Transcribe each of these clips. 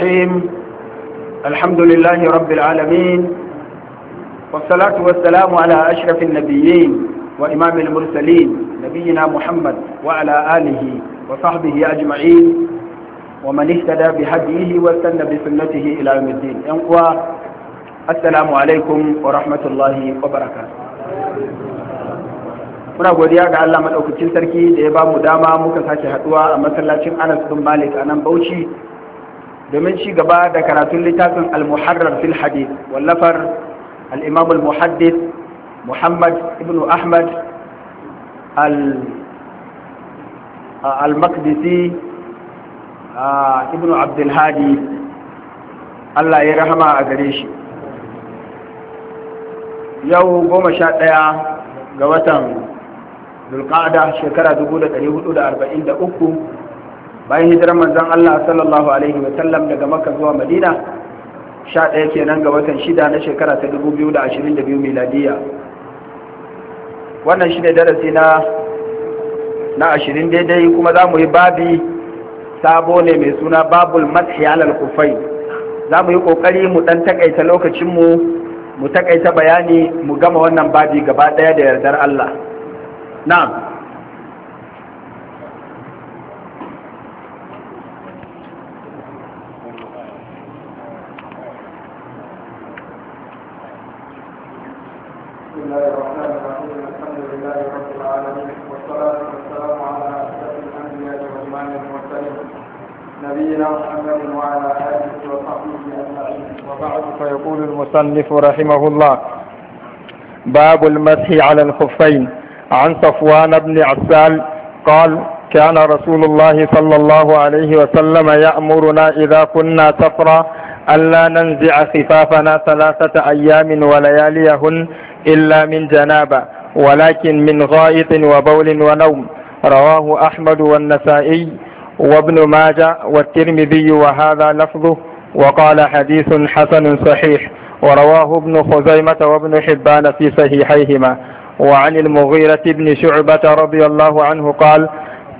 الرحيم الحمد لله رب العالمين والصلاة والسلام على أشرف النبيين وإمام المرسلين نبينا محمد وعلى آله وصحبه أجمعين ومن اهتدى بهديه واستنى بسنته إلى يوم الدين ينقوى السلام عليكم ورحمة الله وبركاته muna godiya ga Allah madaukakin sarki da ya ba mu dama muka sake haduwa a masallacin Anas bin Malik a nan Bauchi domin ci gaba da karatun littafin al-muharrar fil hadith wallafar al-imam al-muhaddith muhammad ibn ahmad uh, al-maqdisi uh, ibn abdulhadi allah ya rahama a gare shi yau goma sha ɗaya ga watan dulƙada shekara bayan hijirar manzan Allah sallallahu alaihi wa daga maka zuwa Madina ke nan ga watan shida na shekara ta 2022 miladiya wannan shi ne darasi na na daidai kuma za mu yi babi sabo ne mai suna babul madhi kufai za mu yi kokari mu ɗan takaita lokacinmu mu takaita bayani mu gama wannan babi gaba ɗaya da yardar Allah na'am وعلى آله وصحبه أجمعين وبعد فيقول المصنف رحمه الله باب المسح على الخفين عن صفوان بن عسال قال كان رسول الله صلى الله عليه وسلم يأمرنا إذا كنا سفرا ألا ننزع خفافنا ثلاثة أيام ولياليهن إلا من جنابة ولكن من غائط وبول ونوم رواه أحمد والنسائي وابن ماجه والترمذي وهذا لفظه وقال حديث حسن صحيح ورواه ابن خزيمة وابن حبان في صحيحيهما وعن المغيرة بن شعبة رضي الله عنه قال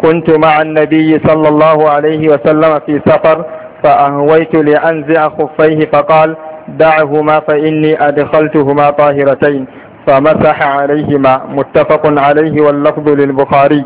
كنت مع النبي صلى الله عليه وسلم في سفر فأهويت لأنزع خفيه فقال دعهما فإني أدخلتهما طاهرتين فمسح عليهما متفق عليه واللفظ للبخاري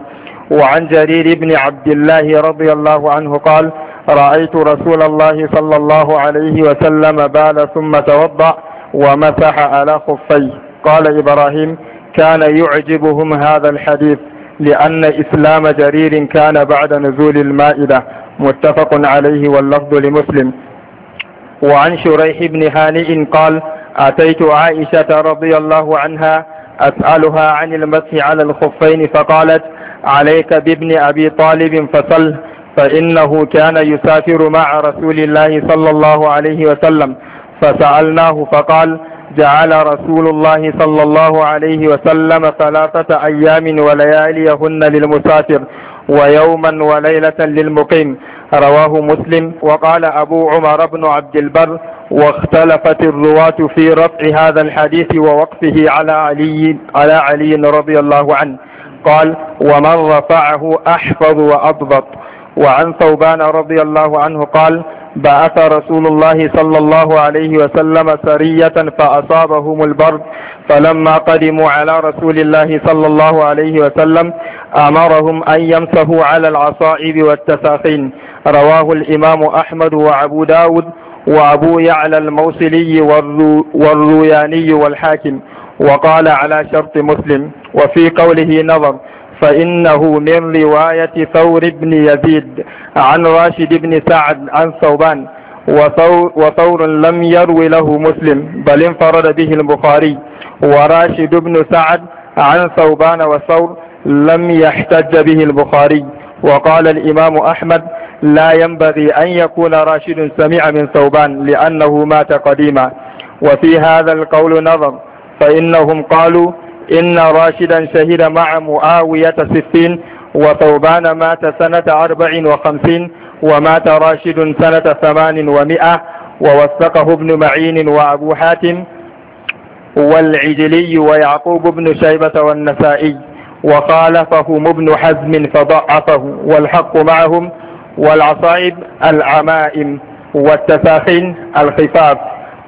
وعن جرير بن عبد الله رضي الله عنه قال رأيت رسول الله صلى الله عليه وسلم بال ثم توضأ ومسح على خفيه قال إبراهيم كان يعجبهم هذا الحديث لأن إسلام جرير كان بعد نزول المائدة متفق عليه واللفظ لمسلم وعن شريح بن هانئ قال أتيت عائشة رضي الله عنها أسألها عن المسح على الخفين فقالت عليك بابن أبي طالب فصل فإنه كان يسافر مع رسول الله صلى الله عليه وسلم فسألناه فقال جعل رسول الله صلى الله عليه وسلم ثلاثة أيام ولياليهن للمسافر ويوما وليلة للمقيم رواه مسلم وقال أبو عمر بن عبد البر واختلفت الرواة في رفع هذا الحديث ووقفه على علي على علي رضي الله عنه قال ومن رفعه أحفظ وأضبط وعن ثوبان رضي الله عنه قال بعث رسول الله صلى الله عليه وسلم سرية فأصابهم البرد فلما قدموا على رسول الله صلى الله عليه وسلم أمرهم أن يمسهوا على العصائب والتساخين رواه الإمام أحمد وأبو داود وأبو يعلى الموصلي والروياني والحاكم وقال على شرط مسلم وفي قوله نظر فإنه من رواية ثور بن يزيد عن راشد بن سعد عن ثوبان وثور, وثور لم يرو له مسلم بل انفرد به البخاري وراشد بن سعد عن ثوبان وثور لم يحتج به البخاري وقال الإمام أحمد لا ينبغي أن يكون راشد سمع من ثوبان لأنه مات قديما وفي هذا القول نظر فإنهم قالوا إن راشدا شهد مع معاوية ستين وثوبان مات سنة أربع وخمسين ومات راشد سنة ثمان ومئة ووثقه ابن معين وأبو حاتم والعجلي ويعقوب بن شيبة والنسائي وخالفهم ابن حزم فضعفه والحق معهم والعصائب العمائم والتساخين الخفاف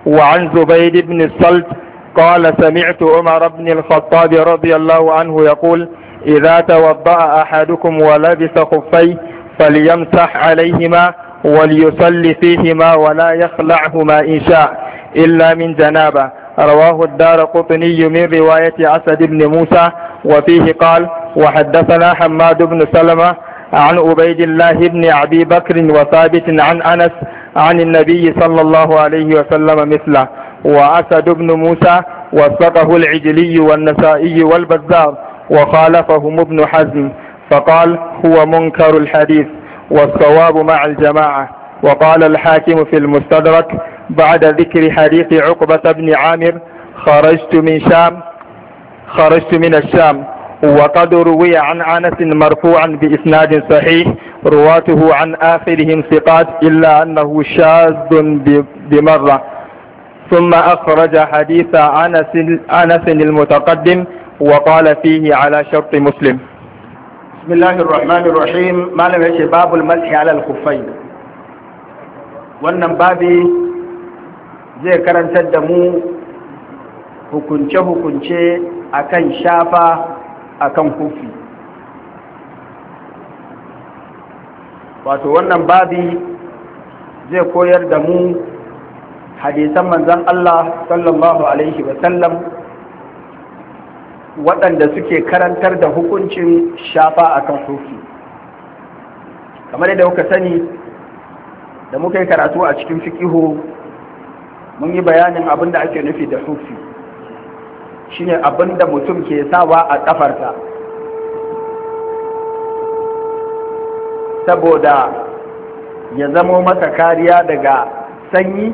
وعن زبيد بن الصلت قال سمعت عمر بن الخطاب رضي الله عنه يقول إذا توضأ أحدكم ولبس خفيه فليمسح عليهما وليصلي فيهما ولا يخلعهما إن شاء إلا من جنابة رواه الدار قطني من رواية أسد بن موسى وفيه قال وحدثنا حماد بن سلمة عن عبيد الله بن أبي بكر وثابت عن أنس عن النبي صلى الله عليه وسلم مثله وأسد بن موسى وثقه العجلي والنسائي والبزار وخالفهم ابن حزم فقال هو منكر الحديث والصواب مع الجماعة وقال الحاكم في المستدرك بعد ذكر حديث عقبة بن عامر خرجت من شام خرجت من الشام وقد روي عن أنس مرفوعا بإسناد صحيح رواته عن آخرهم ثقات إلا أنه شاذ بمرة ثم أخرج حديث أنس أنس المتقدم وقال فيه على شرط مسلم بسم الله الرحمن الرحيم ما لم يشي باب المسح على الخفين wannan babi zai karantar da mu hukunce-hukunce akan shafa akan kufi wato wannan babi zai koyar da mu hadisan manzon Allah sallallahu alaihi wasallam waɗanda suke karantar da hukuncin shafa akan sufi kamar yadda kuka sani da muka yi karatu a cikin fikihu mun yi bayanin abin da ake nufi da sufi shine abin da mutum ke sawa a ƙafarsa saboda ya zamo masa kariya daga sanyi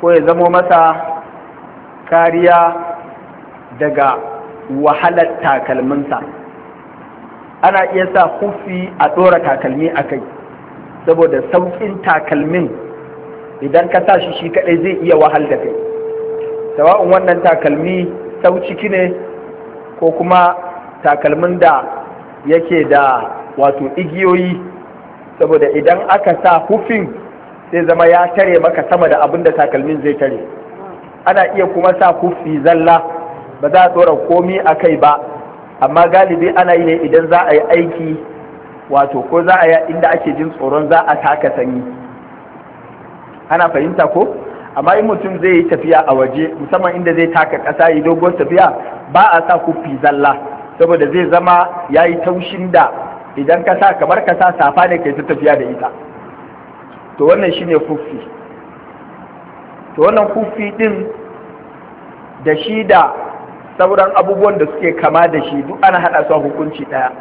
ko ya zamo masa kariya daga wahalar takalminsa ana iya sa kufi a ɗora takalmi a kai saboda sauƙin takalmin idan ka sa shi shi kaɗai zai iya wahal da kai sawa'un wannan takalmi sau ne ko kuma takalmin da yake da wato igiyoyi saboda idan aka sa hufin Sai zama ya tare maka sama da abin da takalmin zai tare ana iya kuma sa kufi zalla ba za a tsora komai a kai ba amma galibi ana yi ne idan za a yi aiki wato ko za a yi inda ake jin tsoron za a taka sanyi ana fahimta ko amma in mutum zai yi tafiya a waje musamman inda zai taka ƙasa yi dogon tafiya ba a sa kufi zalla saboda zai zama ya yi taushin da idan ka sa kamar ka sa safa ne kai ta tafiya da ita to wannan shine kufi to wannan kufi din da shi da sauran abubuwan da suke kama da shi duk ana hada su a hukunci daya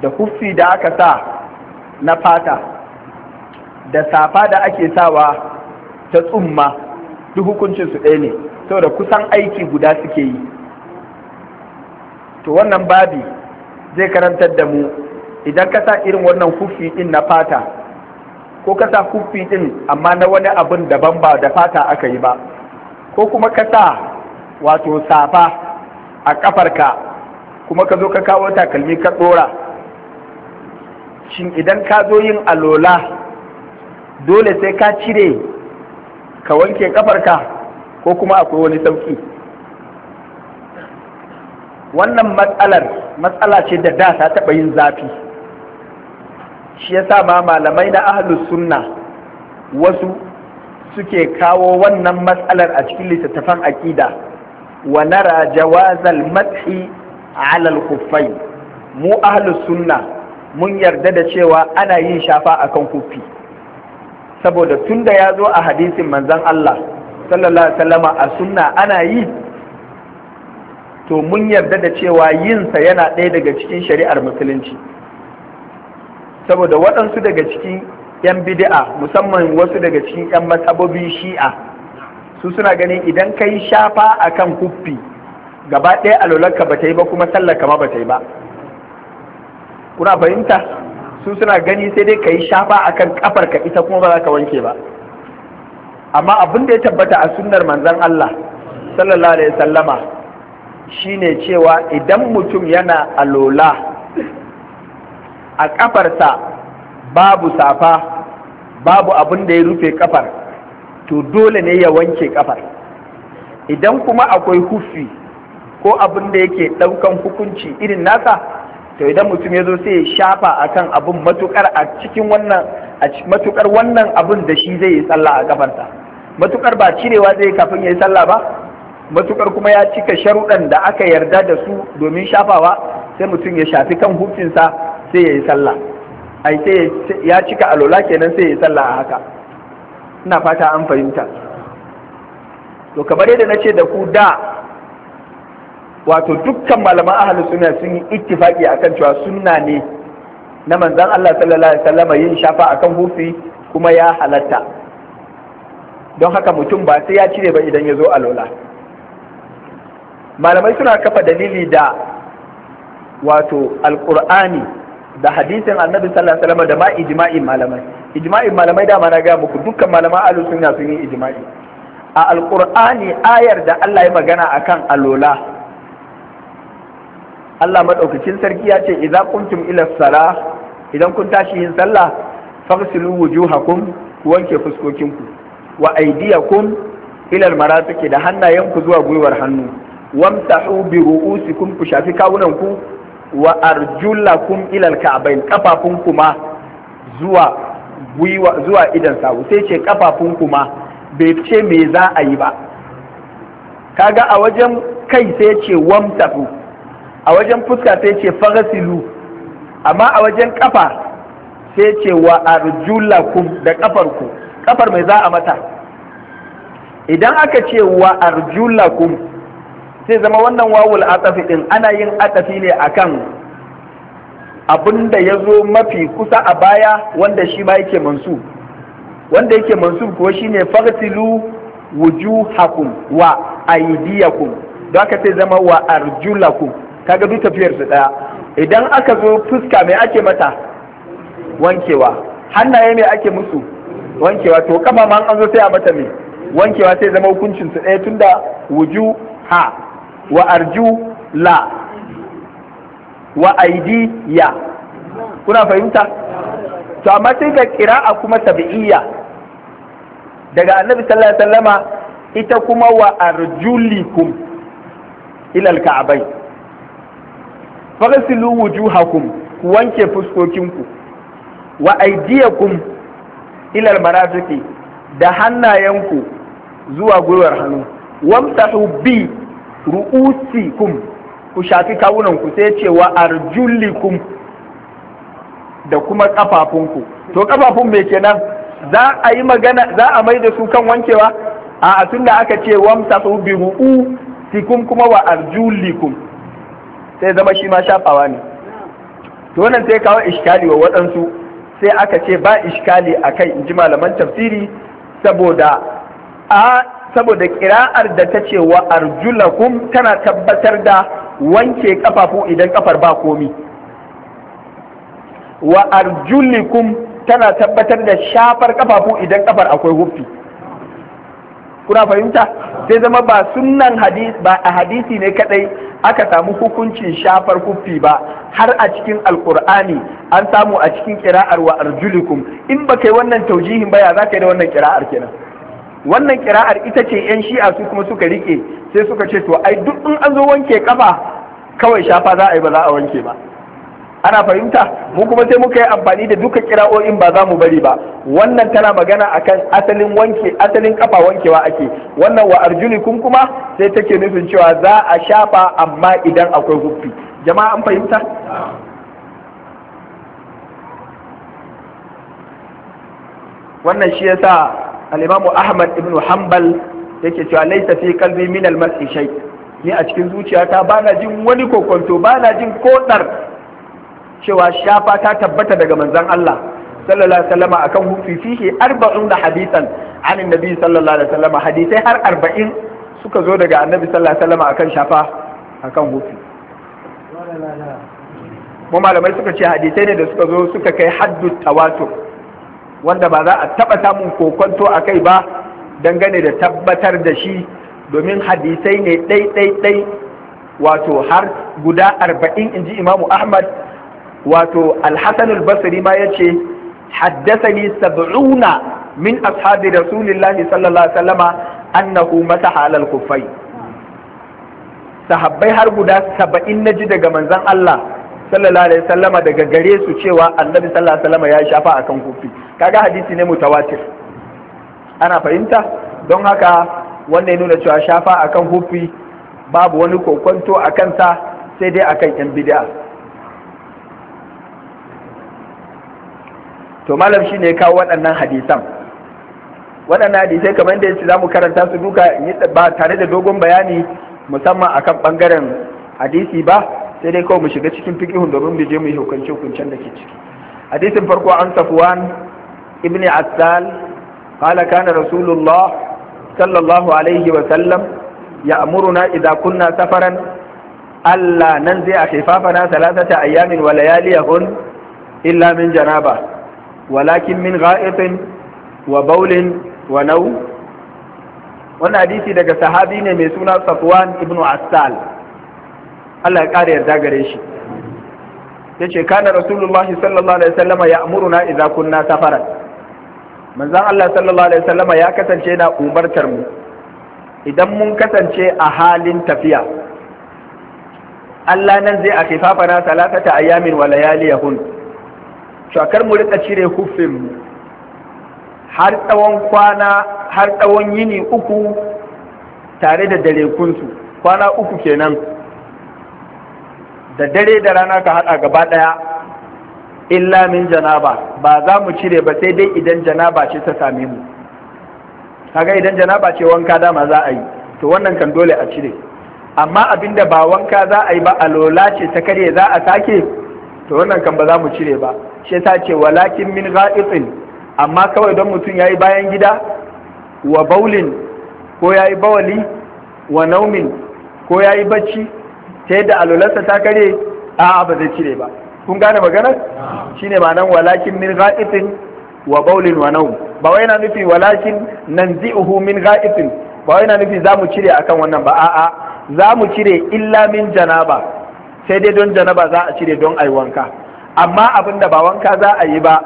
da kufi da aka sa na fata da safa da ake sawa ta tsumma duk hukuncin su ɗaya ne saboda kusan aiki guda suke yi to wannan babi zai karantar da mu idan ka sa irin wannan kufi din na fata ko ka sa kuffi ɗin amma na wani abin daban ba da fata aka yi ba ko kuma ka sa wato safa a ƙafarka kuma ka zo ka kawo takalmi ka shin idan ka zo yin alola dole sai ka cire ka wanke ƙafarka ko kuma akwai wani sauki wannan matsalar matsala ce da da ta taɓa yin zafi shi yasa ma malamai na ahlus sunna wasu suke kawo wannan matsalar a cikin littattafan aƙida wa nara jawazal mathi ala al mu ahlus sunna mun yarda da cewa ana yin shafa akan kufi saboda tunda ya zo a hadisin manzon Allah sallallahu alaihi wasallama a sunna ana yi to mun yarda da cewa yinsa yana ɗaya daga cikin shari'ar musulunci saboda waɗansu daga cikin 'yan bid'a musamman wasu daga cikin 'yan matsabobin shi'a su suna ganin idan ka yi shafa a kan kuffi gaba ɗaya alolarka ba ta yi ba kuma sallarka ma ba ta yi ba kuna fahimta su suna gani sai dai ka yi shafa a akan kafarka ita kuma ba za ka wanke ba amma abin da ya tabbata a sunnar manzon Allah sallallahu alaihi shi shine cewa idan mutum yana alola a ƙafarsa babu safa babu abin da ya rufe ƙafar to dole ne ya wanke ƙafar idan kuma akwai hufi ko abin da yake ɗaukan hukunci irin nasa to idan mutum ya zo sai ya shafa akan abin matukar a cikin wannan a wannan abin da shi zai yi sallah a ƙafarsa matukar ba cirewa zai kafin ya yi sallah ba matukar kuma ya cika sharuɗan da aka yarda da su domin shafawa sai mutum ya shafi kan hufinsa sai ya yi sallah ai sai ya cika alola kenan sai ya yi sallah a haka ina fata an fahimta to kamar yadda na ce da ku da wato dukkan malaman ahalus sunna sun yi ittifaki akan cewa sunna ne na manzon Allah sallallahu alaihi wasallam yin shafa akan hufi kuma ya halatta don haka mutum ba sai ya cire ba idan ya zo alola malamai suna kafa dalili da wato alkur'ani da hadisin annabi sallallahu alaihi wasallam da ma ijma'in malamai ijma'in malamai dama na ga muku dukkan malaman ahlus sunna sun yi ijma'i a alqur'ani ayar da Allah ya magana akan alola Allah madaukakin sarki ya ce idza kuntum ila salah idan kun tashi yin sallah faghsilu wujuhakum ku wanke fuskokinku wa aydiyakum ila almarafiq da hannayenku zuwa gwiwar hannu wamsahu bi ru'usikum ku shafi kawunanku wa arjulakum ilal ka'bayn kafafun kuma zuwa gwiwa zuwa idan sawu sai ce kafafun kuma bai ce me za a yi ba kaga a wajen kai sai ce wamtafu a wajen fuska sai ce farasilu amma a wajen kafa sai ce wa arjulakum da ku kafar mai za a mata idan aka ce wa arjulakum sai zama wannan wawul atafi din ana yin atafi ne akan abin da ya zo mafi kusa a baya wanda shi ma yake mansu wanda yake mansu kuwa shine faghsilu wujuhakum wa aidiyakum don ka sai zama wa arjulakum kaga duk tafiyar su daya idan aka zo fuska mai ake mata wankewa hannaye mai ake musu wankewa to kama man an zo sai a mata mai wankewa sai zama hukuncin su daya tunda wuju ha wa arju la wa aidi ya kuna fahimta to amma sai ga kira'a kuma tabi'iyya daga annabi sallallahu alaihi wasallama ita kuma wa arjulikum ila alka'bai faghsilu wujuhakum wanke fuskokinku wa aidiyakum ila almarafiqi da hannayenku zuwa gwiwar hannu wamtahu bi ru'usikum ku shafi kawunanku sai ce wa arjulikum da kuma kafafunku to kafafun me kenan za a yi magana za a mai da su kan wankewa a tunda aka ce wamsahu bi ru'usikum kuma wa arjulikum sai zama shi ma shafawa ne to wannan sai kawo iskali wa waɗansu sai aka ce ba iskali a kai in ji malaman tafsiri saboda a saboda kira'ar da ta ce wa arjulakum tana tabbatar da wanke kafafu idan kafar ba komi wa arjulikum tana tabbatar da shafar kafafu idan kafar akwai hufi kuna fahimta sai zama ba sunnan hadis ba a hadisi ne kadai aka samu hukuncin shafar hufi ba har a cikin alkur'ani an samu a cikin kira'ar wa arjulikum in ba kai wannan taujihin ba ya za ka yi da wannan kira'ar kenan wannan kira'ar ita ce yan shi'a su kuma suka rike sai suka ce to ai duk in an zo wanke kafa kawai shafa za a yi ba za a wanke ba ana fahimta mu kuma sai muka yi amfani da duka kira'o'in ba za mu bari ba wannan tana magana akan asalin wanke asalin kafa wankewa ake wannan wa arjulikum kuma sai take nufin cewa za a shafa amma idan akwai huffi jama'a an fahimta wannan shi yasa al-Imam Ahmad ibn Hanbal yake cewa laisa fi qalbi min al-mas'i shay ni a cikin zuciyata bana jin wani kokonto bana jin kodar cewa shafa ta tabbata daga manzon Allah sallallahu alaihi wasallam akan hufi fihi 40 hadisan an nabi sallallahu alaihi wasallam hadisai har 40 suka zo daga annabi sallallahu alaihi wasallam akan shafa akan hufi mu malamai suka ce hadisai ne da suka zo suka kai haddu tawatur wanda ba za a taɓa samun kokonto a kai ba dangane da tabbatar da shi domin hadisai ne ɗai-ɗai-ɗai wato har guda arba'in in ji imamu ahmad wato alhassanul basri ma ya ce haddasani sab'una min ashabi rasulillahi sallallahu alaihi wasallama annahu masaha alal kuffai sahabbai har guda saba'in na ji daga manzan Allah sallallahu alaihi wasallama daga gare su cewa annabi sallallahu alaihi wasallama ya shafa akan kufi kaga hadisi ne mutawatir ana fahimta don haka wanda ya nuna cewa shafa akan hufi babu wani kokonto a kansa sai dai akan yan bid'a to malam shine ya kawo waɗannan hadisan waɗannan hadisai kamar da yace zamu karanta su duka ba tare da dogon bayani musamman akan bangaren hadisi ba sai dai kawai mu shiga cikin fikihun domin mu je mu yi hukunce hukuncen da ke ciki hadisin farko an safuwan ibn Attal qala kana rasulullah sallallahu alaihi wa sallam hadisi daga sahabi ne mai suna Safwan ibn Asal Allah ya yarda gare shi yace kana rasulullahi sallallahu alaihi idza kunna manzon Allah sallallahu alaihi wasallama ya kasance na umartar mu idan mun kasance a halin tafiya Allah nan zai a kifafana salatata yamin wa hun shakar mu rika cire huffin mu har tsawon kwana har tsawon yini uku tare da kunsu kwana uku kenan da dare da rana ka haɗa gaba ɗaya illa min janaba ba za mu cire ba sai dai idan janaba ce ta same mu kaga idan janaba ce wanka dama za a yi to wannan kan dole a cire amma abinda ba wanka za a yi ba a lola ce ta karye za a sake to wannan kan ba za mu cire ba shi yasa ce walakin min gha'itin amma kawai don mutum yayi bayan gida wa baulin ko yayi bawali wa naumin ko yayi bacci ta yadda alolarsa ta karye a'a ba zai cire ba kun gane maganar shine ma'anan walakin min gha'itin wa Baulin wa nawm ba wai yana nufi walakin nanzi'uhu min gha'itin ba wai yana nufi zamu cire akan wannan ba a'a zamu cire illa min janaba sai dai don janaba za a cire don yi wanka amma abinda ba wanka za a yi ba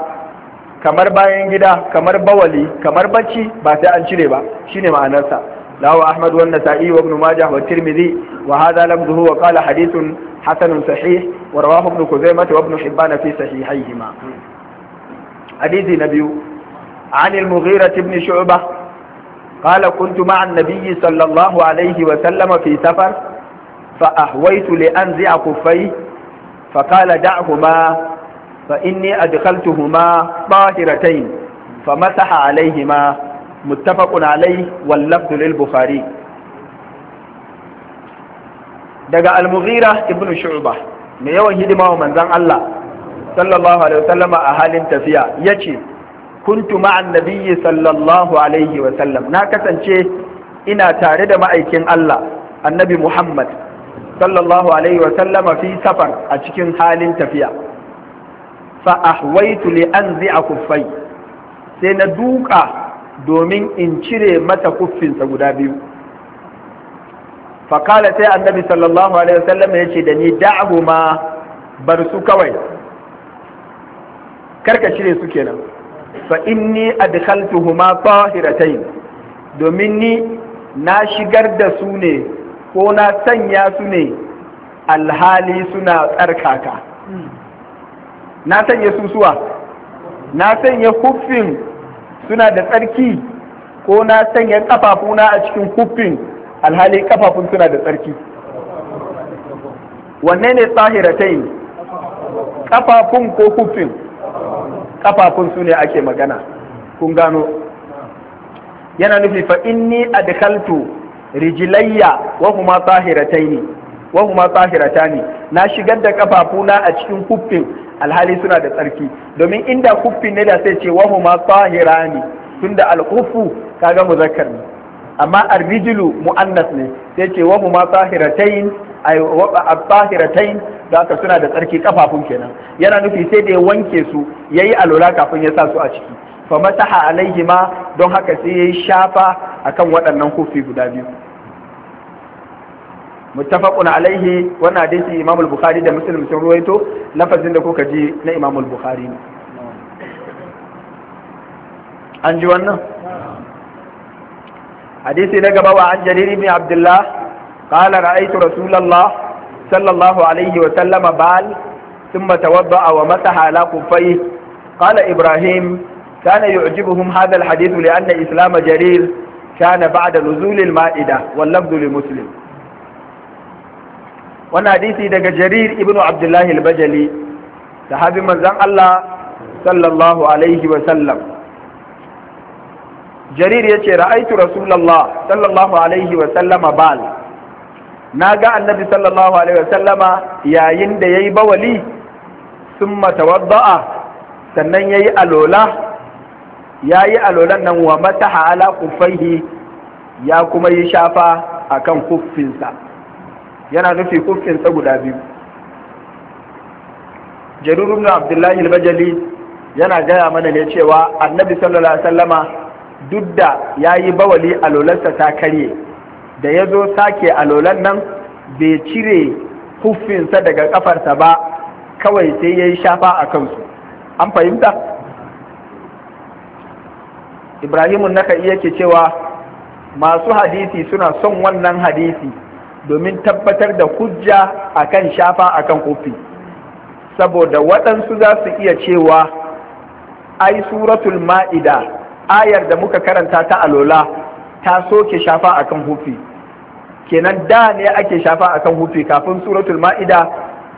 kamar bayan gida kamar bawali kamar bacci ba sai an cire ba shine ma'anarsa lawa ahmad wa nasa'i wa ibn majah wa tirmidhi wa hadha lamzuhu wa hadithun hasanun sahih ورواه ابن كزيمة وابن حبان في صحيحيهما حديث نبي عن المغيرة بن شعبة قال كنت مع النبي صلى الله عليه وسلم في سفر فأهويت لأنزع كفيه فقال دعهما فإني أدخلتهما طاهرتين فمسح عليهما متفق عليه واللفظ للبخاري دقاء المغيرة ابن شعبة mai yawan hidima wa manzan Allah sallallahu alaihi wasallama a halin tafiya yace kuntu ma'an nabiyyi sallallahu alaihi wasallam na kasance ina tare da ma'aikin Allah annabi Muhammad sallallahu alaihi wasallama fi safar a cikin halin tafiya fa ahwaitu li anzi'a kuffai sai na duka domin in cire mata kuffinsa guda biyu fakala sai annabi sallallahu alaihi wasallam ya ce da ni da'ahu ma bar su kawai karka shire su kenan fa inni adkhaltuhuma tahiratayn domin ni na shigar da su ne ko na sanya su ne alhali suna tsarkaka na sanya susuwa na sanya huffin suna da tsarki ko na sanya kafafuna a cikin huffin alhali kafafun suna da tsarki wanne ne tsahiratai kafafun ko kufin kafafun su ne ake magana kun gano yana nufi fa inni adkaltu rijilayya wa huma ne, wa huma tsahiratani na shigar da kafafuna a cikin kufin alhali suna da tsarki domin inda hufin ne da sai ce wa huma tsahirani tunda alkufu kaga muzakkar ne amma arbijilu mu'annas ne sai ce wa ma sahiratain ay wa sahiratain da ka suna da tsarki kafafun kenan yana nufi sai da ya wanke su yayi alola kafin ya sa su a ciki fa mataha alaihima don haka sai yayi shafa akan waɗannan kufi guda biyu muttafaqun alaihi wannan hadisi Imam al-Bukhari da Muslim sun ruwaito lafazin da kuka ji na Imam al-Bukhari an ji wannan hadisi na gaba wa an jarir ibn abdullah qala ra'aytu rasulullah sallallahu alaihi wa sallama bal thumma tawadda'a wa masaha ala kuffayhi qala ibrahim kana yu'jibuhum hadha alhadith li anna islam jarir kana ba'da nuzul ma'ida, wal lafdh li muslim wannan hadisi daga jarir ibn abdullah al-bajali sahabi manzon Allah sallallahu alaihi wa sallam jarir ya ce ra'aitu rasulallah sallallahu alaihi wa sallama bal na ga annabi sallallahu alaihi wa sallama yayin da ya yi bawali summa tawadda'a sannan ya yayi alola yayi alolan nan wa mataha ala kuffaihi ya kuma yi shafa a kan kuffinsa yana nufi kuffinsa guda biyu jarir ibn abdullahi al-bajali yana gaya mana ne cewa annabi sallallahu alaihi wa sallama duk da ya yi bawali a lolarsa ta karye da ya zo sake a lolar nan bai cire huffinsa daga kafarsa ba kawai sai ya yi shafa a kansu an fahimta ibrahimun naka iya ke cewa masu hadisi suna son wannan hadisi domin tabbatar da hujja akan shafa a kan kofi saboda waɗansu za su iya cewa ai suratul ma'ida ayar da muka karanta ta alola ta soke shafa akan hufi kenan da ne ake shafa akan hufi kafin suratul ma'ida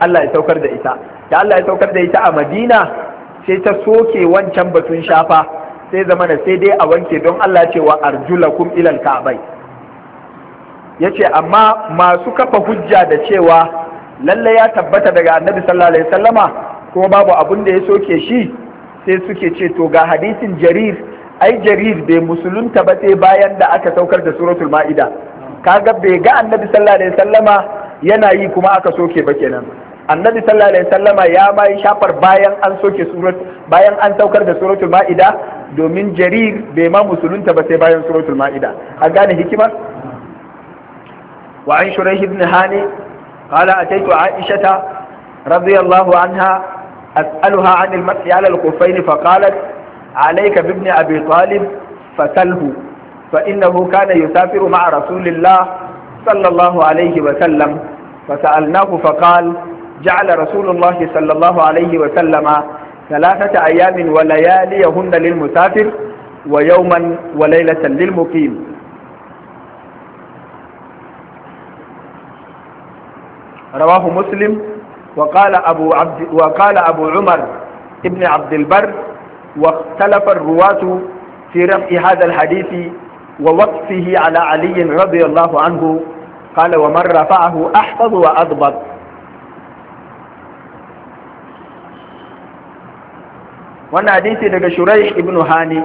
Allah ya saukar da ita da Allah ya saukar da ita a Madina sai ta soke wancan batun shafa sai na sai dai a wanke don Allah ce wa arjulakum ilal ka'bai yace amma masu kafa hujja da cewa lalle ya tabbata daga annabi sallallahu alaihi wasallama kuma babu abun da ya soke shi sai suke ce to ga hadisin jarir ai jarir bai musulunta ba sai bayan da aka saukar da suratul ma'ida kaga bai ga annabi sallallahu alaihi wasallama yana yi kuma aka soke ba kenan annabi sallallahu alaihi wasallama ya ma shafar bayan an soke surat bayan an saukar da suratul ma'ida domin jarir bai ma musulunta ba sai bayan suratul ma'ida a gane hikimar wa an shuraihi ibn hani qala ataitu aisha radiyallahu anha as'aluha 'anil mas'ala al-khuffayn fa qalat عليك بابن أبي طالب فسله فإنه كان يسافر مع رسول الله صلى الله عليه وسلم فسألناه فقال جعل رسول الله صلى الله عليه وسلم ثلاثة أيام ولياليهن للمسافر ويوما وليلة للمقيم رواه مسلم وقال أبو, عبد وقال أبو عمر ابن عبد البر واختلف الرواة في رفع هذا الحديث ووقفه على علي رضي الله عنه قال ومن رفعه أحفظ وأضبط wannan hadisi daga shurai ibnu hani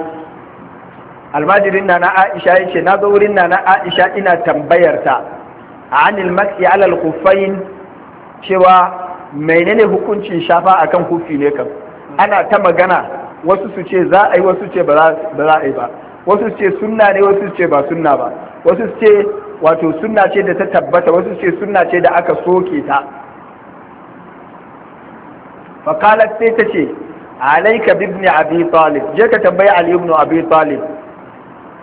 almajirin na na aisha ya ce na zo wurin na na aisha ina tambayarta a anil maki alal kufain cewa menene hukuncin shafa akan kufi ne kam ana ta magana wasu su ce za a yi wasu ce ba za a yi ba wasu su ce sunna ne wasu su ce ba sunna ba wasu su ce wato sunna ce da ta tabbata wasu su ce sunna ce da aka soke ta fakalat sai ta ce alaika bibni abi talib je ka tambayi ali ibn abi talib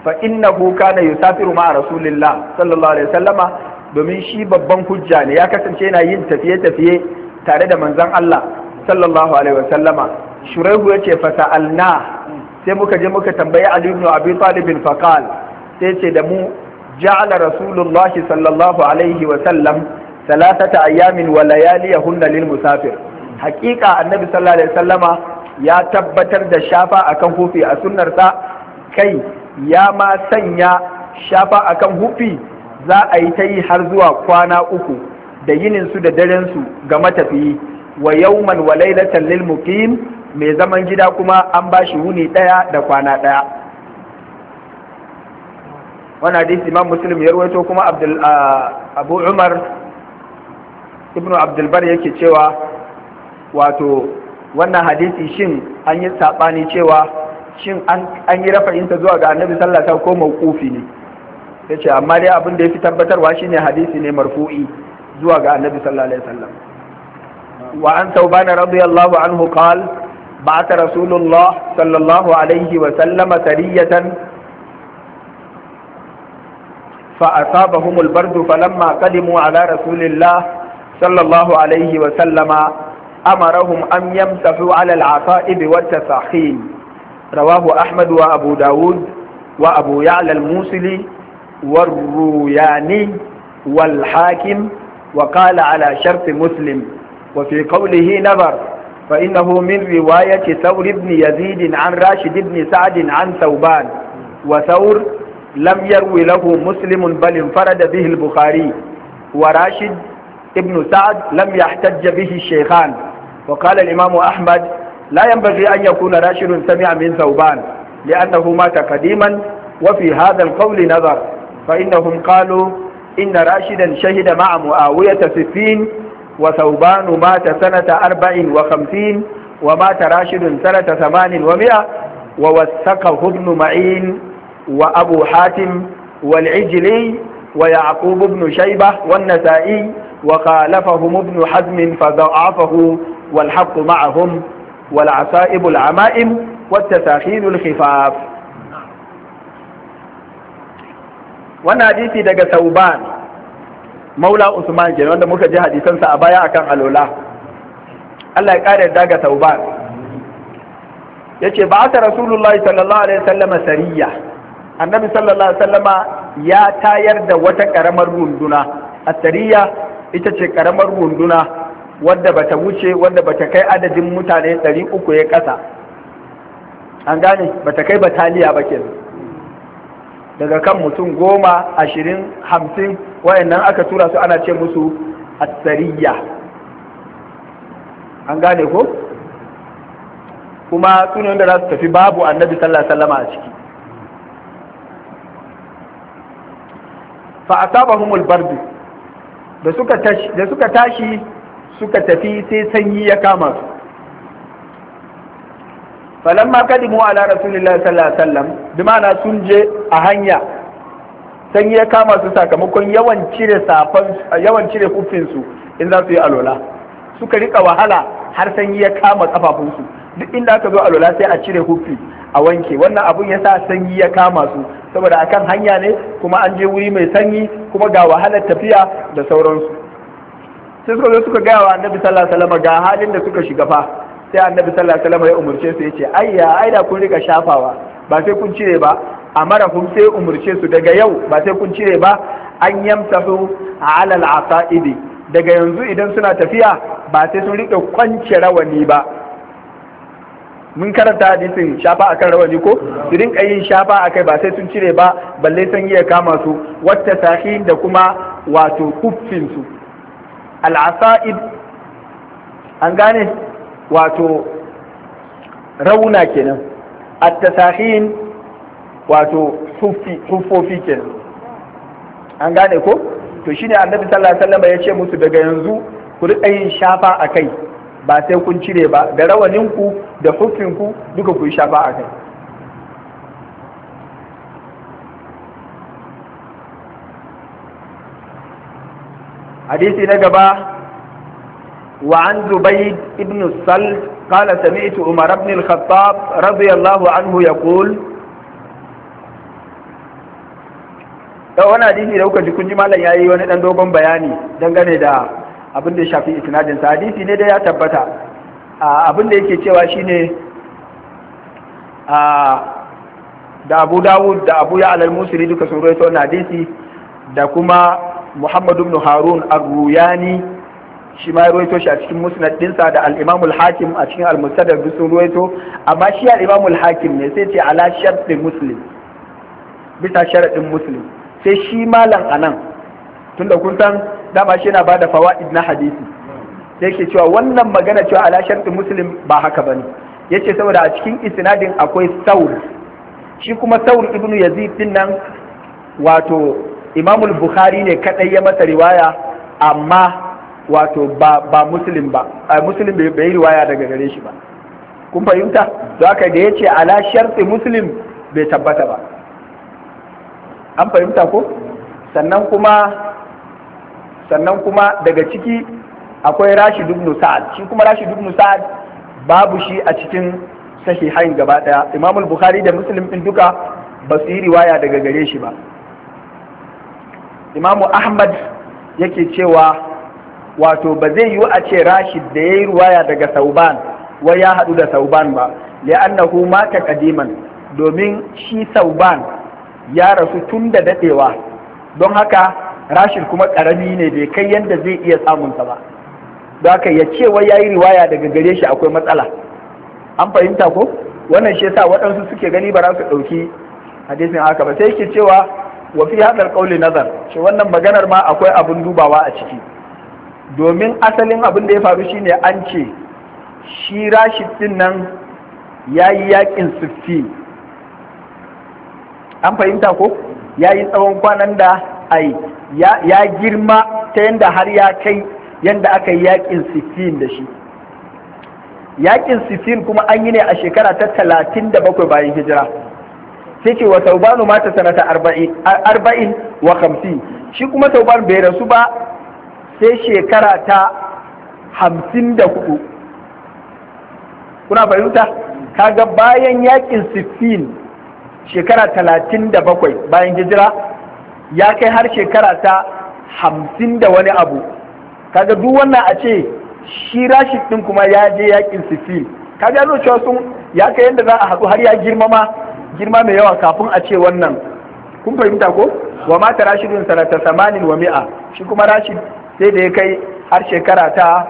fa innahu kana yusafiru ma rasulillah sallallahu alaihi wasallama domin shi babban hujja ne ya kasance yana yin tafiye-tafiye tare da manzon Allah sallallahu alaihi wasallama shuraihu ya ce fasa'alna sai muka je muka tambayi ali ibn abi talib faqal sai ce da mu ja'ala rasulullah sallallahu alaihi wa sallam salatata ayamin wa layaliyahunna lil musafir haqiqa annabi sallallahu alaihi wasallama ya tabbatar da shafa akan hufi a sunnarsa kai ya ma sanya shafa akan hufi za a yi ta yi har zuwa kwana uku da yininsu da darensu ga matafiyi wa yauman wa lailatan lil muqim mai zaman gida kuma an ba shi wuni ɗaya da kwana ɗaya wani hadisi imam muslim ya ruwaito kuma abu umar ibnu abdulbar yake cewa wato wannan hadisi shin an yi saɓani cewa shin an yi rafa'inta zuwa ga annabi sallata ko mawqufi ne ya ce amma dai abin da ya fi tabbatarwa shine hadisi ne marfu'i zuwa ga annabi sallallahu alaihi wasallam wa an sauban radiyallahu anhu qala بعث رسول الله صلى الله عليه وسلم سرية فأصابهم البرد فلما قدموا على رسول الله صلى الله عليه وسلم أمرهم أن يمسحوا على العصائب والتساخين رواه أحمد وأبو داود وأبو يعلى الموصلي والروياني والحاكم وقال على شرط مسلم وفي قوله نظر فإنه من رواية ثور بن يزيد عن راشد بن سعد عن ثوبان وثور لم يروي له مسلم بل انفرد به البخاري وراشد ابن سعد لم يحتج به الشيخان وقال الإمام أحمد لا ينبغي أن يكون راشد سمع من ثوبان لأنه مات قديما وفي هذا القول نظر فإنهم قالوا إن راشدا شهد مع معاوية في وثوبان مات سنة أربع وخمسين ومات راشد سنة ثمان ومئة ووثقه ابن معين وأبو حاتم والعجلي ويعقوب بن شيبة والنسائي وخالفهم ابن حزم فضعفه والحق معهم والعصائب العمائم والتساخين الخفاف wannan hadisi daga sauban maula usman ke wanda muka ji hadisansa a baya akan alola Allah ya kare daga tauba yace ba ta rasulullahi sallallahu alaihi wasallam sariya annabi sallallahu alaihi wasallam ya tayar da wata karamar runduna asariya ita ce karamar runduna wadda bata wuce wadda bata kai adadin mutane 300 ya kasa an gane bata kai bataliya ba kenan daga kan mutum goma ashirin hamsin wayannan aka tura su ana ce musu asariya an gane ko kuma su ne wanda za su tafi babu annabi sallallahu alaihi a ciki fa a bardu da suka tashi da suka tashi suka tafi sai sanyi ya kama su falamma kadimu ala rasulillahi sallallahu alaihi wasallam bi ma'ana sun je a hanya sanyi ya kama su sakamakon yawan cire safan kufinsu in za su yi alola suka rika wahala har sanyi ya kama kafafunsu duk inda aka zo alola sai a cire kufi a wanke wannan abun ya sa sanyi ya kama su saboda akan hanya ne kuma an je wuri mai sanyi kuma ga wahalar tafiya da sauransu sai suka zo suka gaya wa annabi sallallahu alaihi ga halin da suka shiga fa sai annabi sallallahu alaihi ya umurce su yace ai ya ai da kun rika shafawa ba sai kun cire ba amarahum sai umurce su daga yau ba sai kun cire ba an a ala al-aqaidi daga yanzu idan suna tafiya ba sai sun riƙe kwance rawani ba mun karanta hadisin shafa akan rawani ko su rinka yin shafa akai ba sai sun cire ba balle san iya kama su wata sahin da kuma wato kuffin su al an gane wato rauna kenan at-tasahin wato huffofi ke an gane ko to shine annabi sallallahu alaihi wasallam ya ce musu daga yanzu ku riƙa yin shafa a kai ba sai kun cire ba da rawaninku da ku duka ku yi shafa a kai hadisi na gaba وعن زبيد بن الصلح قال سمعت عمر بن الخطاب رضي الله عنه يقول da wani hadisi da kuka ji kun ji malam yayi wani dan dogon bayani dangane da abin da ya shafi isnadin sa hadisi ne da ya tabbata abin da yake cewa shine da Abu Dawud da Abu ya Alal musri duka sun rawaito wannan hadisi da kuma Muhammad ibn Harun ar-Ruyani shi ma ruwaito shi a cikin musnad da al hakim a cikin al-Mustadrak sun amma shi al hakim ne sai ce ala shartin Muslim Muslim sai shi malam anan tun da kun san dama shi yana bada fawaid na hadisi sai yake cewa wannan magana cewa ala shartin muslim ba haka bane yace saboda a cikin isnadin akwai saur shi kuma saur ibnu yazid din nan wato imamul bukhari ne kadai ya masa riwaya amma wato ba ba muslim ba bai yi riwaya daga gare shi ba kun fahimta to haka da yace ala shartin muslim bai tabbata ba an fahimta ko sannan kuma sannan kuma daga ciki akwai rashi duk sa'ad shi kuma rashi duk sa'ad babu shi a cikin sahihain gaba daya Imamul bukhari da muslim din duka ba su yi riwaya daga gare shi ba imamu ahmad yake cewa wato ba zai yiwu a ce rashid da ya yi riwaya daga sauban wai ya haɗu da sauban ba li'annahu mata kadiman domin shi sauban ya rasu tun da daɗewa don haka Rashid kuma ƙarami ne bai kai yadda zai iya samunsa ba don haka ya ce wai yayi riwaya daga gare shi akwai matsala an fahimta ko wannan shi yasa waɗansu suke gani ba za su ɗauki hadisin haka ba sai yake cewa wa fi hadar qauli nazar shi wannan maganar ma akwai abin dubawa a ciki domin asalin abin da ya faru shine an ce shi rashid din nan yayi yakin siffi an fahimta ko ya yi tsawon kwanan da ai ya girma ta yadda har ya kai yadda aka yi yakin sifin da shi yakin sifin kuma an yi ne a shekara ta talatin da bakwai bayan hijira sai ce wa taubanu mata sanata arba'in wa hamsin shi kuma tauban bai rasu ba sai shekara ta hamsin da hudu kuna fahimta kaga bayan yakin sifin shekara talatin da bakwai bayan hijira ya kai har shekara ta hamsin da wani abu kaga duk wannan a ce shi rashid ɗin kuma ya je yakin sifil kaga yanzu cewa sun ya kai yadda za a haɗu har ya girmama girma mai yawa kafin a ce wannan kun fahimta ko wa mata rashidun sanata samanin wa mi'a shi kuma rashid sai da ya kai har shekara ta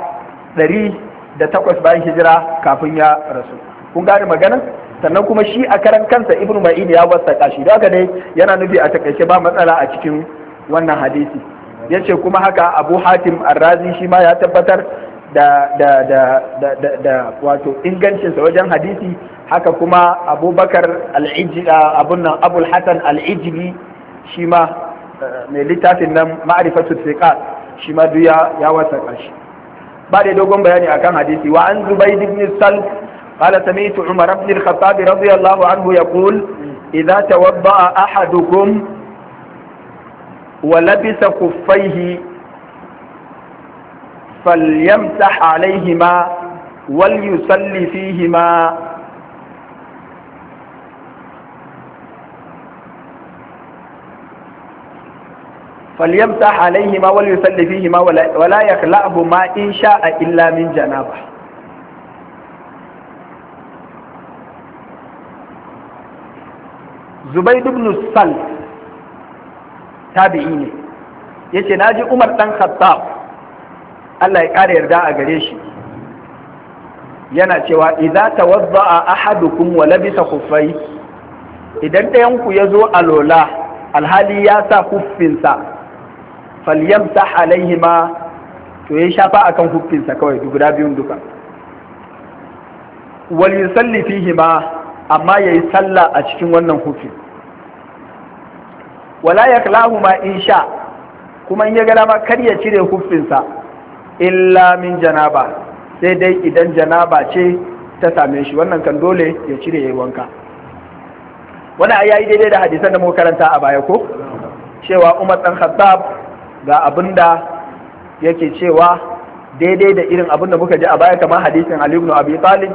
ɗari da takwas bayan hijira kafin ya rasu kun gane maganar sannan kuma shi a karan kansa ibn ma'in ya wasaka shi da haka ne yana nufi a takaice ba matsala a cikin wannan hadisi Ya ce kuma haka abu hatim arrazi shi ma ya tabbatar da wato ingancinsa wajen hadisi haka kuma abubakar abun nan abul hasan shi ma eh, mai littafin nan ma'arifatu tsiqat shi ma duya ya wasa kashi ba da dogon bayani akan hadisi wa an zubayd ibn قال سمعت عمر بن الخطاب رضي الله عنه يقول إذا توضأ أحدكم ولبس كفيه فليمسح عليهما وليصلي فيهما فليمسح عليهما وليصلي فيهما ولا يخلعهما إن شاء إلا من جنابه zubai ibn sal tabi'i ne yace ji umar ɗan khattab Allah ya ƙara yarda a gare shi yana cewa idan idza Ahadu ahadukum wala walabisa kufai idan ɗayanku ya zo alola alhali ya sa kuffinsa falyamsa ma to ya shafa a kan kuffinsa kawai guda biyun duka wal yusalli ma amma ya yi sallah a cikin wannan hufi wala ya ma in sha kuma in ya ga dama kar ya cire hufinsa illa min janaba sai dai idan janaba ce ta same shi wannan kan dole ya cire yayi wanka wani a yayi daidai da hadisan da muka karanta a baya ko cewa umar dan khattab ga abinda yake cewa daidai da irin abin da muka ji a baya kamar hadisin ali ibn abi talib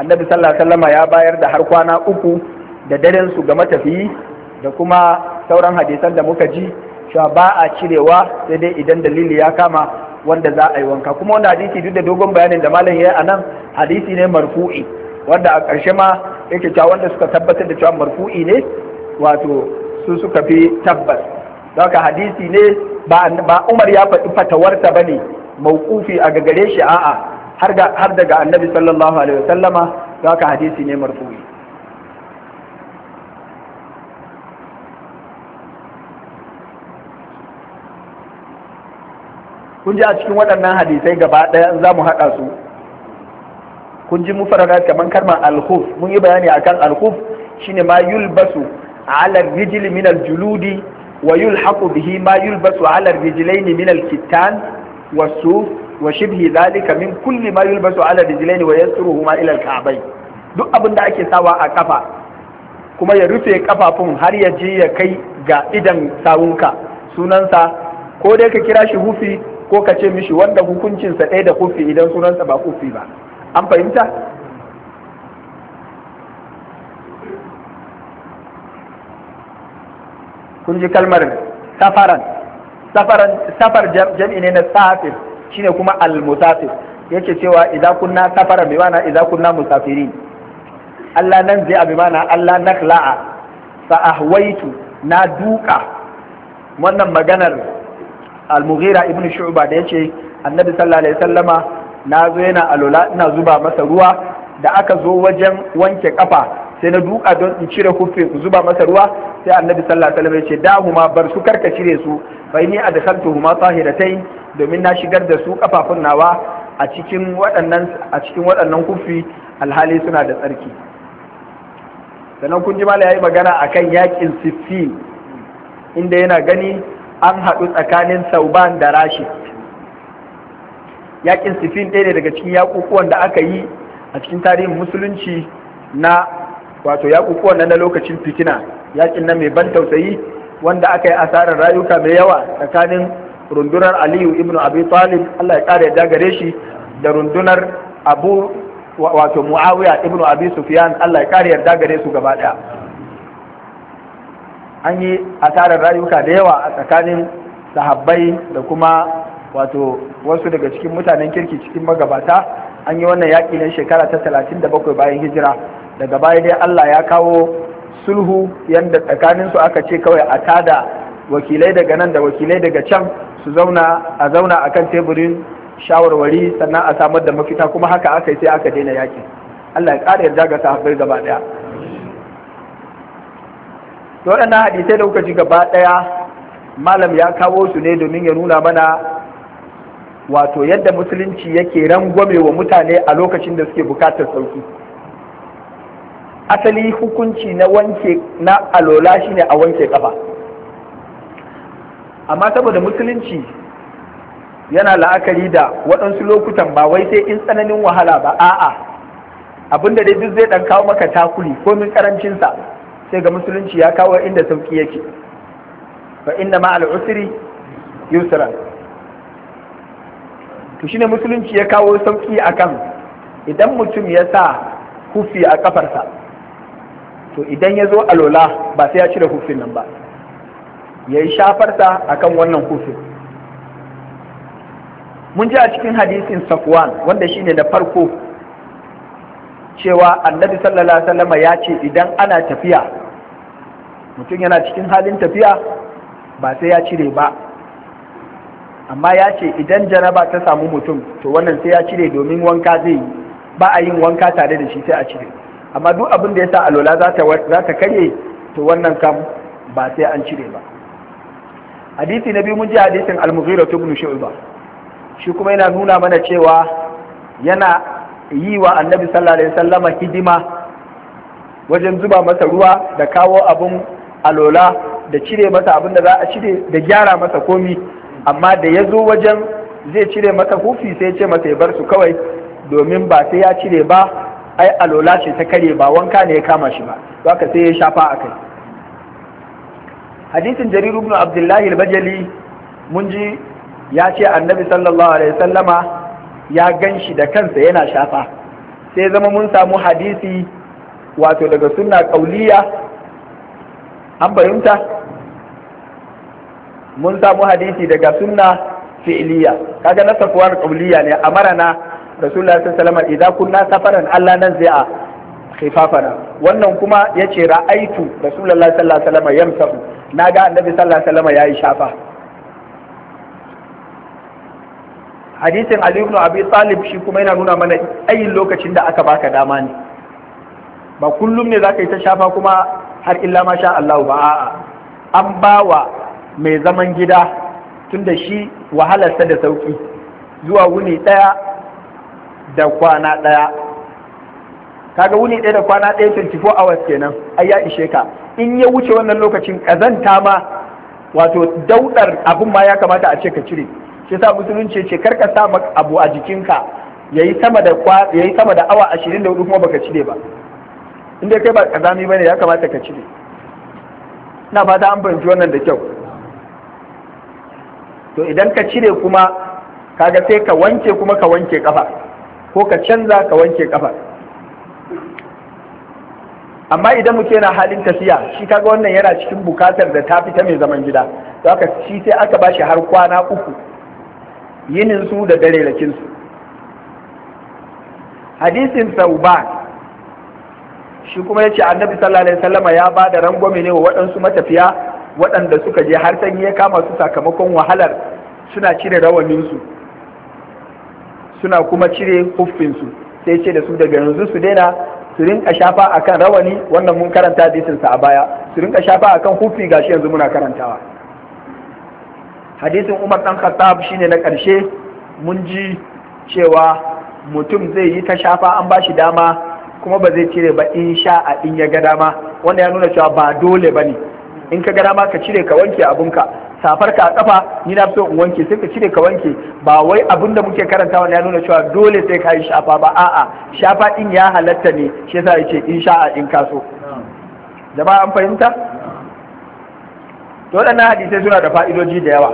annabi sallallahu alaihi ya bayar da har kwana uku da daren su ga matafiyi da kuma sauran hadisan da muka ji cewa ba a cirewa sai dai idan dalili ya kama wanda za a yi wanka kuma wanda hadisi duk da dogon bayanin da malam ya yi anan hadisi ne marfu'i wanda a ƙarshe ma yake cewa wanda suka tabbatar da cewa marfu'i ne wato su suka fi tabbas haka hadisi ne ba Umar ya faɗi fatawarsa bane mauƙufi a gagare shi a'a har daga annabi sallallahu alaihi wasallama za ka hadisi ne marfu'i kun ji a cikin waɗannan hadisai gaba ɗaya za mu haɗa su kun ji mu mufarana kamar karma alhuf mun yi bayani a kan alhuf shine ma yulbasu ala rijli min aljuludi wa yulhaqu bihi ma yulbasu ala rijlaini min alkitan wasu wa shibhi zalika min kulli ma yulbasu ala rijlaini wa ma ila al-ka'bayn duk abin da ake sawa a kafa kuma ya rufe kafafun har ya je ya kai ga idan sawunka sunansa ko dai ka kira shi hufi ko ka ce mishi wanda hukuncinsa ɗaya da hufi idan sunansa ba hufi ba an fahimta kun ji kalmar safaran safar jam'i ne na safir shine kuma al-musafir yake cewa idza kunna safara bi mana idza kunna musafirin Allah nan zai abi mana Allah nakla'a fa ahwaitu na duka wannan maganar al-mughira ibn shu'ba da yace annabi sallallahu alaihi wasallama na zo yana alola ina zuba masa ruwa da aka zo wajen wanke kafa sai na duka don in cire kufin ku zuba masa ruwa sai annabi sallallahu alaihi wasallam ya ce da huma bar su karka cire su fa inni huma tahiratain domin na shigar da su kafafun nawa a cikin waɗannan a cikin waɗannan kufi alhali suna da tsarki sannan kun ji mala yayi magana akan yakin siffin inda yana gani an haɗu tsakanin sauban da rashi yakin siffin ɗaya ne daga cikin yakukuwan da aka yi a cikin tarihin musulunci na wato yaƙuƙuwan na lokacin fitina yaƙin na mai ban tausayi wanda aka yi asarar rayuka mai yawa tsakanin rundunar aliyu ibnu abi talib allah ya kare gare shi da rundunar abu wato muawiya ibnu abi sufyan allah ya kare gare su gaba daya an yi asarar rayuka da yawa a tsakanin sahabbai da kuma wato wasu daga cikin mutanen kirki cikin magabata an yi wannan yaƙi na shekara ta talatin da bakwai bayan hijira daga baya dai Allah ya kawo sulhu yadda tsakaninsu aka ce kawai a tada wakilai daga nan da wakilai daga can su zauna a zauna a kan teburin shawarwari sannan a samar da mafita kuma haka aka yi sai aka daina yaƙi Allah ya ƙara yarda ga sahabbai gaba ɗaya to waɗannan hadisai da kuka ji gaba ɗaya malam ya kawo su ne domin ya nuna mana wato yadda musulunci yake rangwame wa mutane a lokacin da suke bukatar sauki asali hukunci na wanke na alola shine a wanke kafa amma saboda musulunci yana la'akari da waɗansu lokutan ba wai sai in tsananin wahala ba a'a abinda dai duk zai ɗan kawo maka takuri komin karancinsa sai ga musulunci ya kawo inda sauki yake fa inna ma al'usri yusra to shine musulunci ya kawo sauki akan idan mutum ya sa kufi a kafarsa to idan ya zo alola ba sai ya cire hufin nan ba ya yi shafarta a kan wannan hufin mun ji a cikin hadisin safwan wanda shi ne da farko cewa annabi sallallahu alaihi wasallama ya ce idan ana tafiya mutum yana cikin halin tafiya ba sai ya cire ba amma ya ce idan jaraba ta samu mutum to wannan sai ya cire domin wanka zai yi ba a yin wanka tare da shi sai a cire amma duk abin da ya sa alola za ta karye to wannan kam ba sai an cire ba hadisi na biyu mun ji hadisin al-mughira ibn shu'ba shi kuma yana nuna mana cewa yana yi wa annabi sallallahu alaihi wasallama hidima wajen zuba masa ruwa da kawo abin alola da cire masa abin da za a cire da gyara masa komi amma da ya zo wajen zai cire masa hufi sai ce masa ya bar su kawai domin ba sai ya cire ba ai alola ce ta kare ba wanka ne ya kama shi ba haka sai ya shafa a kai hadisin jarir ibn abdullahi al-bajali mun ji ya ce annabi sallallahu alaihi sallama ya gan shi da kansa yana shafa sai zama mun samu hadisi wato daga sunna kauliya an fahimta mun samu hadisi daga sunna fi'iliya kaga na safuwar kauliya ne amarana rasulullah sallallahu alaihi idan kunna safaran Allah nan zai a khifafana wannan kuma yace ra'aitu rasulullah sallallahu alaihi wasallam yamsahu naga annabi sallallahu alaihi wasallam yayi shafa hadisin Ali ibn Abi Talib shi kuma yana nuna mana ayin lokacin da aka baka dama ne ba kullum ne zaka yi ta shafa kuma har illa ma sha Allah ba a'a an bawa mai zaman gida tunda shi wahalarsa da sauki zuwa wuni daya da kwana ɗaya kaga wuni ɗaya da kwana ɗaya 24 hours kenan ai ya ishe ka in ya wuce wannan lokacin ƙazanta ma wato daudar abin ma ya kamata a ce ka cire shi sa musulunci ce kar ka sa abu a jikinka yayi sama da yayi sama da awa 24 kuma baka cire ba inda kai ba kazami bane ya kamata ka cire ina fata an fahimci wannan da kyau to idan ka cire kuma kaga sai ka wanke kuma ka wanke kafa ko ka canza ka wanke kafa amma idan muke na halin tafiya shi kaga wannan yana cikin bukatar da ta fita mai zaman gida to haka shi sai aka bashi har kwana uku yinin su da lakin su hadisin sauba shi kuma ya ce annabi sallallahu alaihi wasallama ya ba da rangwame ne wa waɗansu matafiya waɗanda suka je har sanyi ya kama su sakamakon wahalar suna cire rawaninsu suna kuma cire huffinsu sai ce da su daga yanzu su daina su rinka shafa akan rawani wannan mun karanta hadisinsa a baya su rinka shafa akan huffi gashi yanzu muna karantawa hadisin Umar ɗan dan shi ne na ƙarshe mun ji cewa mutum zai yi ta shafa an ba shi dama kuma ba zai cire ba in sha a in ya ga dama wanda ya nuna cewa ba dole ba ne in ka gara ma ka cire ka wanke abunka safar ka a kafa ni na so in wanke sai ka cire ka wanke ba wai abin da muke karantawa ya nuna cewa dole sai ka yi shafa ba a'a shafa din ya halatta ne shi yasa yace in sha'a in ka so jama'a an fahimta to waɗannan hadisai suna da fa'idoji da yawa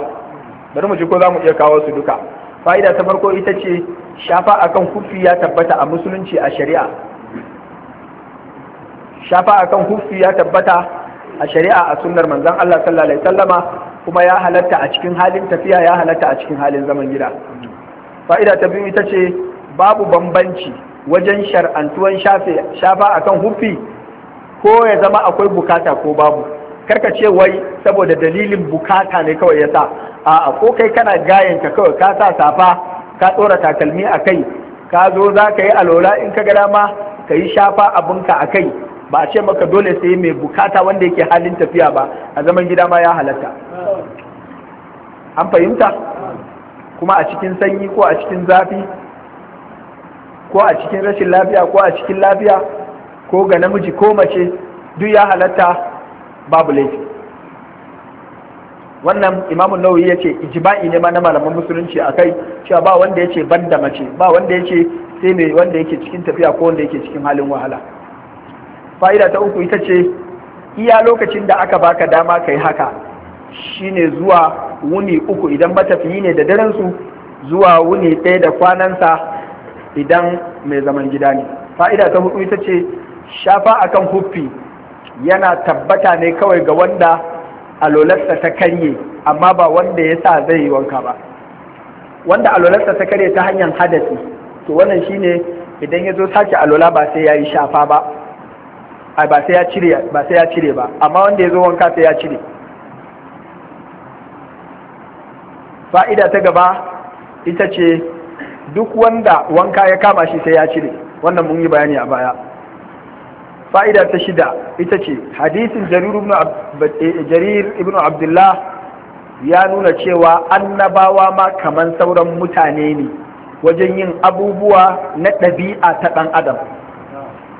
bari mu ji ko za mu iya kawo su duka fa'ida ta farko ita ce shafa akan kufi ya tabbata a musulunci a shari'a shafa akan kufi ya tabbata a shari'a a sunnar manzon Allah sallallahu alaihi wasallama kuma ya halatta a cikin halin tafiya ya halatta a cikin halin zaman gida fa'ida ta biyu ita ce babu bambanci wajen shar'antuwan shafa akan hufi ko ya zama akwai bukata ko babu karka ce wai saboda dalilin bukata ne kawai yasa sa a ko kai kana gayanka kawai ka sa safa ka tsora takalmi a kai ka zo za ka yi alola in ka ga dama ka yi shafa abinka a kai ba a ce maka dole sai mai bukata wanda yake halin tafiya ba a zaman gida ma ya halatta an fahimta kuma a cikin sanyi ko a cikin zafi ko a cikin rashin lafiya ko a cikin lafiya ko ga namiji ko mace duk ya halatta babu laifi wannan imamun nauyi ya ce ne ma na malaman musulunci a kai cewa ba wanda ya ce ban da mace ba wanda ya ce sai mai wanda yake cikin tafiya ko wanda yake cikin halin wahala fa'ida ta uku ita ce iya lokacin da aka baka dama kai haka shine zuwa wuni uku idan matafiyi ne da daransu, zuwa wuni ɗaya da kwanansa idan mai zaman gida ne fa'ida ta hudu ita ce shafa akan hufi yana tabbata ne kawai ga wanda alolarsa ta karye amma ba wanda ya sa zai yi wanka ba wanda alolarsa ta karye ta hanyar hadasi to wannan shine idan ya zo sake alola ba sai ya yi shafa ba a ba sai ya cire ba sai ya cire ba amma wanda ya zo wanka sai ya cire fa'ida ta gaba ita ce duk wanda wanka ya kama shi sai ya cire wannan mun yi bayani a baya fa'ida ta shida ita ce hadisin jarir ibn abdullah ya nuna cewa annabawa ma kaman sauran mutane ne wajen yin abubuwa na ɗabi'a ta ɗan adam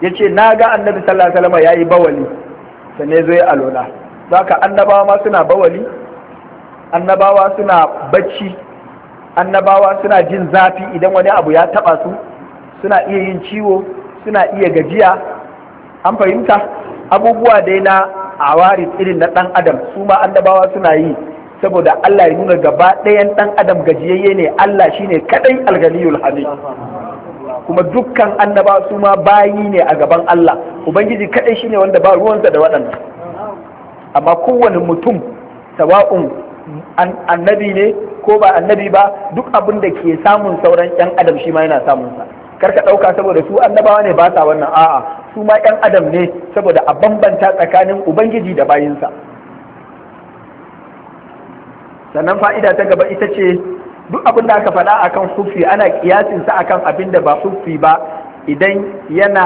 ya ce na ga annabi sallallahu alaihi wasallam ya yi bawali sannan zai alola za annabawa ma suna bawali annabawa suna bacci annabawa suna jin zafi idan wani abu ya taba su suna iya yin ciwo suna iya gajiya an fahimta abubuwa dai na awari irin na dan adam su ma annabawa suna yi saboda Allah ya nuna gaba ɗayan dan adam gajiyayye ne Allah shine kadai algaliyul hamid kuma dukkan annaba su ma bayi ne a gaban Allah ubangiji kadai shine wanda ba ruwansa da waɗannan amma kowane mutum sawa'un annabi ne ko ba annabi ba duk abin da ke samun sauran yan adam shi ma yana samun sa Kar ka ɗauka saboda su annabawa ne ba sa wannan a'a su ma yan adam ne saboda a bambanta tsakanin ubangiji da bayinsa sannan fa'ida ta gaba ita ce duk abin da aka faɗa akan sufi, ana kiyasin sa akan abin da ba sufi ba idan yana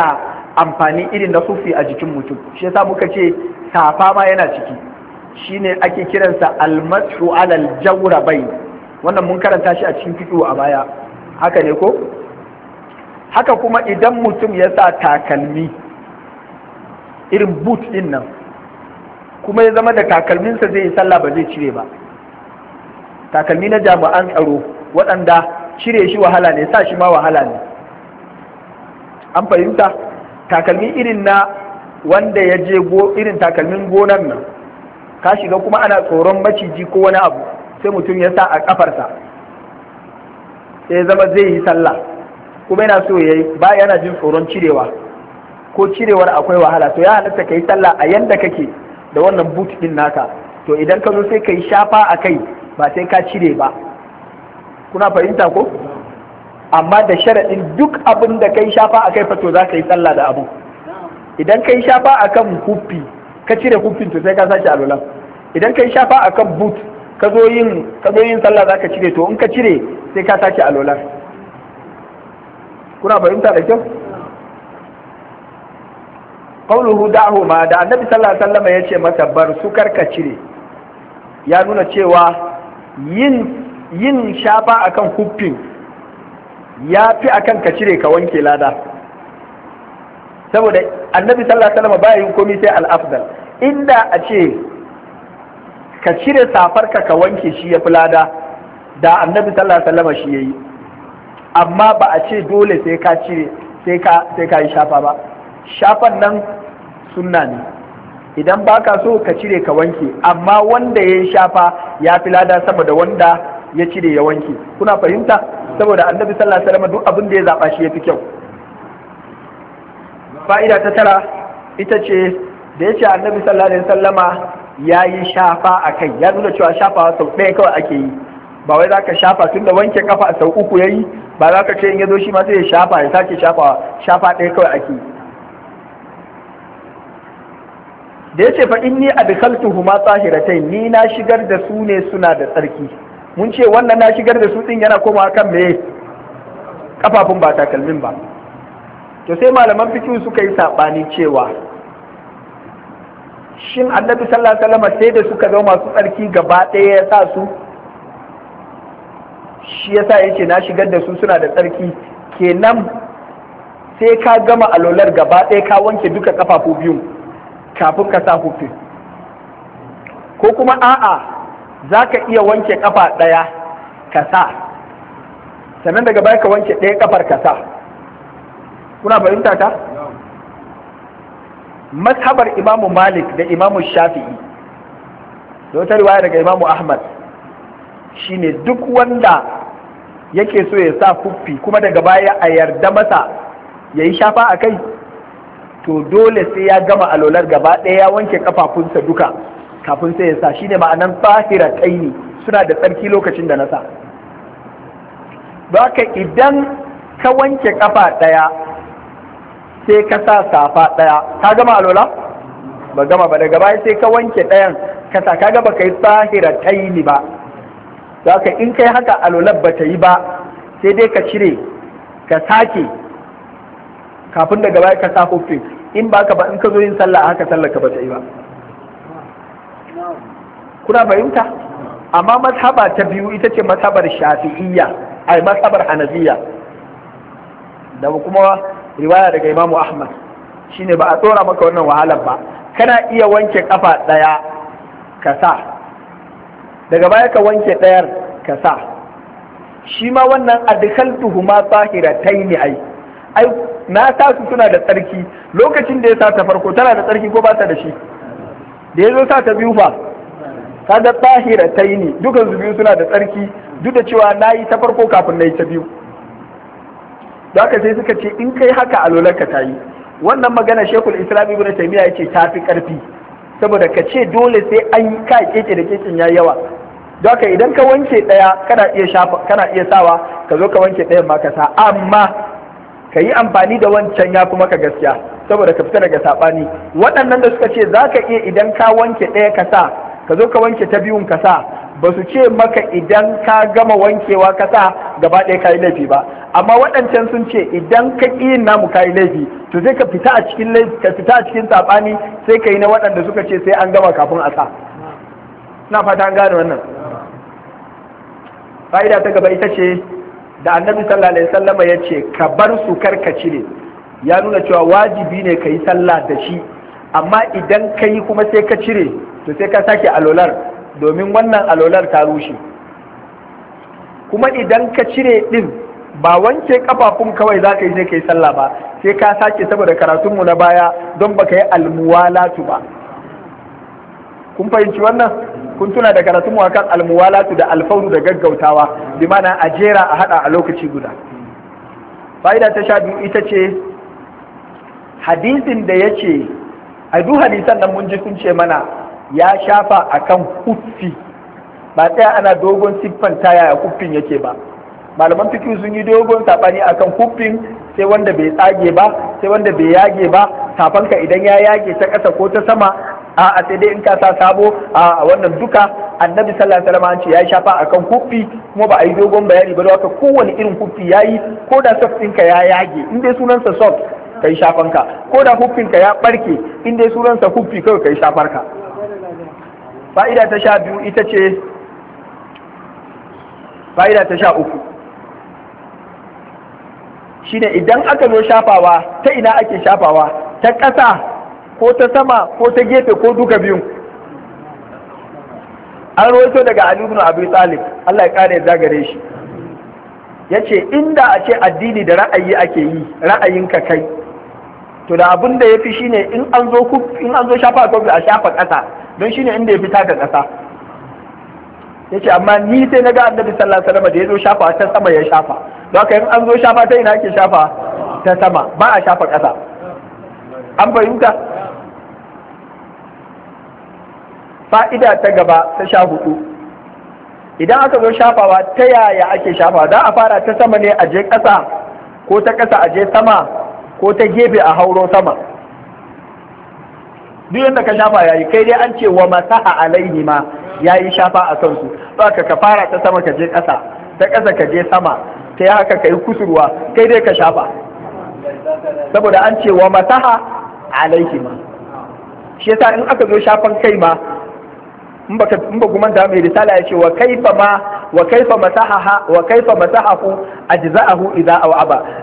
amfani irin na sufi a jikin mutum shi yasa muka ce safa ma yana ciki shine ake kiransa almasu alal jawrabain wannan mun karanta shi a cikin fito a baya haka ne ko haka kuma idan mutum ya sa takalmi irin but din nan kuma ya zama da takalminsa zai yi sallah ba zai cire ba takalmi na jami'an tsaro waɗanda cire shi wahala ne sa shi ma wahala ne an fahimta takalmi irin na wanda ya je irin takalmin gonan nan ka shiga kuma ana tsoron maciji ko wani abu sai mutum ya sa a kafarsa sai ya zama zai yi sallah kuma yana so ya yi ba yana jin tsoron cirewa ko cirewar akwai wahala to ya halatta ka yi sallah a yanda kake da wannan but din naka to idan ka zo sai ka yi shafa a kai ba sai ka cire ba kuna fahimta ko amma da sharaɗin duk abin da kai shafa a kai fato za ka yi sallah da abu idan kai shafa a kan huffi ka cire huffin to sai ka sace alolan idan kai shafa a kan boot ka zo yin sallah za ka cire to in ka cire sai ka sace alolan kuna fahimta da kyau qawluhu da'hu ma da annabi sallallahu alaihi wasallam ce masa bar su karka cire ya nuna cewa yin shafa akan huffin ya fi akan ka cire ka wanke lada saboda annabi sallallahu alaihi wasallam baya yin komai sai al'afdal inda a ce ka cire safarka ka wanke shi ya fi lada da annabi sallallahu alaihi wasallam shi yi amma ba a ce dole sai ka cire sai ka sai ka yi shafa ba shafan nan sunna ne idan baka so ka cire ka wanke amma wanda ya yi shafa ya fi lada sama da wanda ya cire ya wanke kuna fahimta saboda annabi sallallahu alaihi wasallam duk abin da ya zaba shi ya fi kyau fa'ida ta tara ita ce da yace ce annabi sallallahu alaihi wasallama ya yi shafa a kai ya nuna cewa shafawa sau ɗaya kawai ake yi ba wai za ka shafa tun da wanke kafa sau uku ya yi ba za ka ce in ya zo shi ma sai ya shafa ya sake shafawa shafa ɗaya kawai ake yi da yace fa inni adkhaltuhuma tahiratai ni na shigar da su ne suna da tsarki mun ce wannan na shigar da su din yana komawa kan me kafafun ba takalmin ba to sai malaman fikihu suka yi sabani cewa shin annabi sallallahu alaihi wasallam sai da suka zama masu tsarki gaba ɗaya ya sa su shi yasa yace na shigar da su suna da tsarki kenan sai ka gama alolar gaba ɗaya ka wanke duka kafafu biyu kafin ka sa hufi ko kuma a'a za ka iya wanke kafa ɗaya ka sa sannan daga baya ka wanke ɗaya kafar ka sa kuna fahimta ta mashabar imamu malik da imamu shafi'i da wata riwaya daga imamu ahmad shine duk wanda yake so ya sa kuffi kuma daga baya a yarda masa ya yi shafa a kai to dole sai ya gama alolar gaba ɗaya ya wanke kafafunsa duka kafin sai ya sa shine ma'anan fahira kaini suna da tsarki lokacin da nasa. sa baka idan ka wanke kafa ɗaya sai ka sa safa ɗaya ka gama alola ba gama ba daga baya sai ka wanke ɗayan ka sa ka yi kai tsahira kaini ba za ka in kai haka alolar ba ta yi ba sai dai ka cire ka sake kafin daga baya ka sa hofin in ba ka ba in ka zo yin sallah haka sallah ka ba ta yi ba kuna fahimta amma mazhaba ta biyu ita ce mazhabar shafi'iyya ai mazhabar hanafiya da kuma riwaya daga imamu ahmad shine ba a tsora maka wannan wahalar ba kana iya wanke kafa ɗaya ka sa daga baya ka wanke dayar ka sa shi ma wannan adkhaltuhuma taini ai ai na sa su suna da tsarki lokacin da ya sa ta farko tana da tsarki ko ba ta da shi da ya zo sa ta biyu fa kaga tahira ta yi ne dukan su biyu suna da tsarki duk da cewa na yi ta farko kafin na yi ta biyu da haka sai suka ce in kai haka alolarka ta yi wannan magana shekul islam ibn taymiya yace ta fi karfi saboda ka ce dole sai an ka keke da kekin ya yawa don haka idan ka wanke daya kana iya sawa ka zo ka wanke ɗayan ma ka sa amma ka yi amfani da wancan ya fi maka gaskiya saboda ka fita daga saɓani waɗannan da suka ce za ka iya idan ka wanke ɗaya ka sa ka zo ka wanke ta biyun ka sa ba su ce maka idan ka gama wankewa ka sa gaba ɗaya ka yi laifi ba amma waɗancan sun ce idan ka ƙi yin namu ka yi laifi to sai ka fita a cikin ka fita a cikin saɓani sai ka yi na waɗanda suka ce sai an gama kafin a sa na fata an gane wannan fa'ida ta gaba ita ce da annabi sallallahu alaihi sallama ya ce ka bar su karka cire ya nuna cewa wajibi ne ka yi sallah da shi amma idan ka yi kuma sai ka cire to sai ka sake alolar domin wannan alolar ta rushe kuma idan ka cire din ba wanke kafafun kawai za ka yi sai ka yi sallah ba sai ka sake saboda karatunmu na baya don baka yi almuwalatu ba kun fahimci wannan kun tuna da karatun akan almuwalatu da alfauru da gaggautawa bi mana a jera a hada a lokaci guda fa'ida ta sha biyu ita ce hadisin da yace ce a duk hadisan nan mun ji sun ce mana ya shafa akan kuffi ba tsaya ana dogon siffan siffanta yaya kuffin yake ba malaman fikihu sun yi dogon sabani akan kuffin sai wanda bai tsage ba sai wanda bai yage ba safanka idan ya yage ta ƙasa ko ta sama a sai dai in ka sa sabo a wannan duka annabi sallallahu alaihi wasallam ce ya shafa akan kuffi kuma ba a yi dogon bayani ba haka kowane irin kuffi yayi ko da soft ka ya yage in dai sunansa soft kai shafan ka ko da ka ya barke in dai sunansa kuffi kai kai shafar ka fa'ida ta sha biyu ita ce fa'ida ta sha uku shine idan aka zo shafawa ta ina ake shafawa ta ƙasa ko ta sama ko ta gefe ko duka biyun an rawaito daga Ali ibn Abi Talib Allah ya kare zagare shi yace inda a ce addini da ra'ayi ake yi ra'ayinka kai to da abin da yafi shine in an zo ku in an zo shafa kofi a shafa kasa don shine inda yafi taka kasa yace amma ni sai naga Annabi sallallahu alaihi wasallam da yazo shafa ta sama ya shafa don haka in an zo shafa ta ina ake shafa ta sama ba a shafa kasa an fahimta fa'ida ta gaba ta sha hudu idan aka zo shafawa ta yaya ake shafawa za a fara ta sama ne a je ƙasa ko ta ƙasa a je sama ko ta gefe a hauro sama duk yadda ka shafa yayi kai dai an ce wa masaha alaihi ma yayi shafa a kansu saboda ka fara ta sama ka je ƙasa ta ƙasa ka je sama ta yi haka ka yi kusurwa kai dai ka shafa saboda an ce wa masaha alaihi ma shi yasa in aka zo shafan kai ma in ba kuma da mai risala ya ce wa kaifa ma wa kaifa masahaha wa kaifa masahahu ajza'ahu idza aw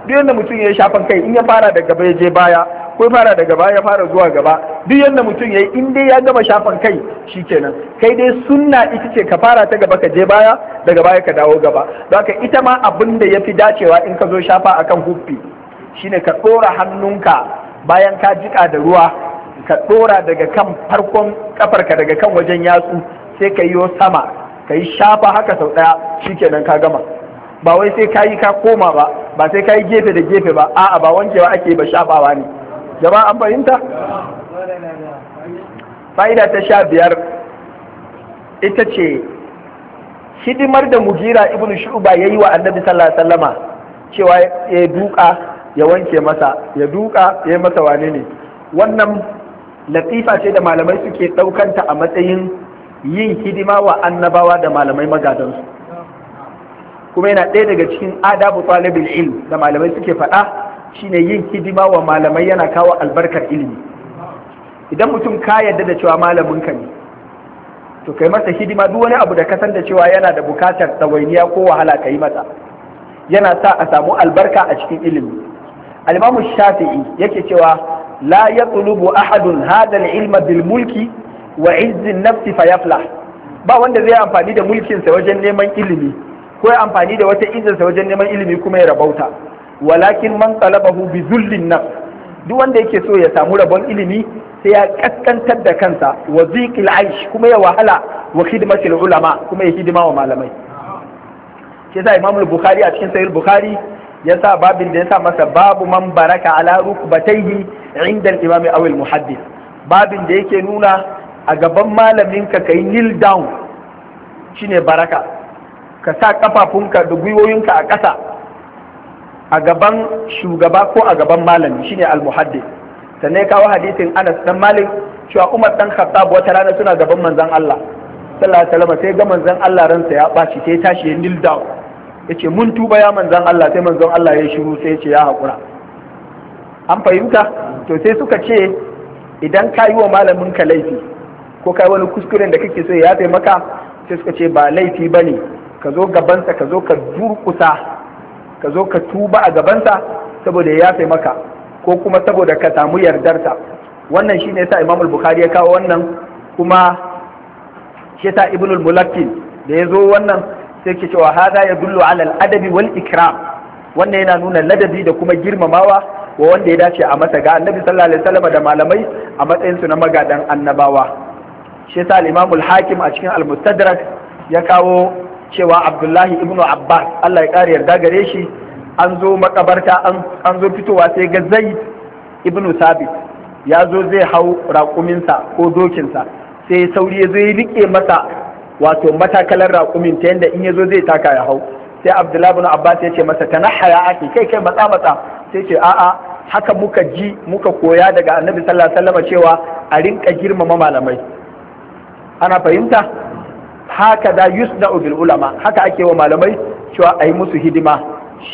duk yanda mutum ya shafan kai in ya fara daga gaba ya je baya ko fara daga baya ya fara zuwa gaba duk yanda mutum yayi in dai ya gama shafan kai shikenan kai dai sunna ita ce ka fara ta gaba ka je baya daga baya ka dawo gaba don haka ita ma abin da yafi dacewa in ka zo shafa akan huffi shine ka ɗora hannunka bayan ka jika da ruwa ka ɗora daga kan farkon kafarka daga kan wajen yatsu sai ka yiwo sama ka yi shafa haka sau ɗaya shikenan ka gama ba wai sai ka yi ka koma ba ba sai ka yi gefe da gefe ba a'a ba wankewa ake ba shafawa ne jama'a an fahimta fa'ida ta sha biyar ita ce hidimar da mugira ibn shu'ba yayi wa annabi sallallahu cewa ya duka ya wanke masa ya duka ya masa wane ne wannan latifa ce da malamai suke ɗaukanta a matsayin yin hidima wa annabawa da malamai magadansu kuma yana ɗaya daga cikin adabu talibin ilm da malamai suke faɗa shine yin hidima wa malamai yana kawo albarkar ilimi idan mutum ka yarda da cewa malamin ka ne to kai masa hidima duk wani abu da ka san da cewa yana da bukatar tsawainiya ko wahala ka yi masa yana sa a samu albarka a cikin ilimi al-imamu shafi'i yake cewa la yatlubu ahadun hadha al-ilma bilmulki mulki wa nafsi ba wanda zai amfani da mulkinsa wajen neman ilimi ko ya amfani da wata sa wajen neman ilimi kuma ya rabauta walakin man talabahu bi zullin nafs duk wanda yake so ya samu rabon ilimi sai ya kaskantar da kansa wa ziqil aish kuma ya wahala wa khidmatil ulama kuma ya hidima wa malamai shi yasa imam bukhari a cikin sahih bukhari ya sa babin da ya sa masa babu man baraka ala rukbatayhi inda al-imam aw al-muhaddith babin da yake nuna a gaban malamin ka kai kneel down shine baraka ka sa kafafunka da gwiwoyinka a ƙasa a gaban shugaba ko a gaban malami shine al-muhaddith sannan kawo hadisin Anas dan Malik cewa Umar dan Khattab wata rana suna gaban manzon Allah sallallahu alaihi wasallam sai ga manzon Allah ransa ya baci sai tashi ya kneel down yace mun tuba ya manzon Allah sai manzon Allah ya shiru sai yace ya hakura an fahimta to sai suka ce idan ka yi wa malamin ka laifi ko kai wani kuskuren da kake so ya taimaka, maka sai suka ce ba laifi bane ka zo gabansa ka zo ka durkusa ka zo ka tuba a gabansa saboda ya taimaka, ko kuma saboda ka samu yardarta wannan shine sa Imam al-Bukhari ya kawo wannan kuma shi ta Ibn mulakkin da ya zo wannan sai ke cewa hada ya dullo alal adabi wal ikram wannan yana nuna ladabi da kuma girmamawa wa wanda ya dace a masa ga annabi sallallahu alaihi wasallam da malamai a matsayin su na magadan annabawa shi sa al al-hakim a cikin al-mustadrak ya kawo cewa abdullahi ibnu abbas Allah ya kare yarda gare shi an zo makabarta an zo fitowa sai ga zaid ibnu sabit ya zo zai hau raƙuminsa ko dokinsa sai sauri ya zo ya rike masa wato matakalar raƙumin ta yadda in ya zo zai taka ya hau sai abdullahi bin abbas ya ce masa tanahaya ake kai kai matsa matsa sai ce a'a haka muka ji muka koya daga annabi sallallahu alaihi wasallam cewa a rinka girmama malamai ana fahimta haka da yusda'u bil ulama haka ake wa malamai cewa ayi musu hidima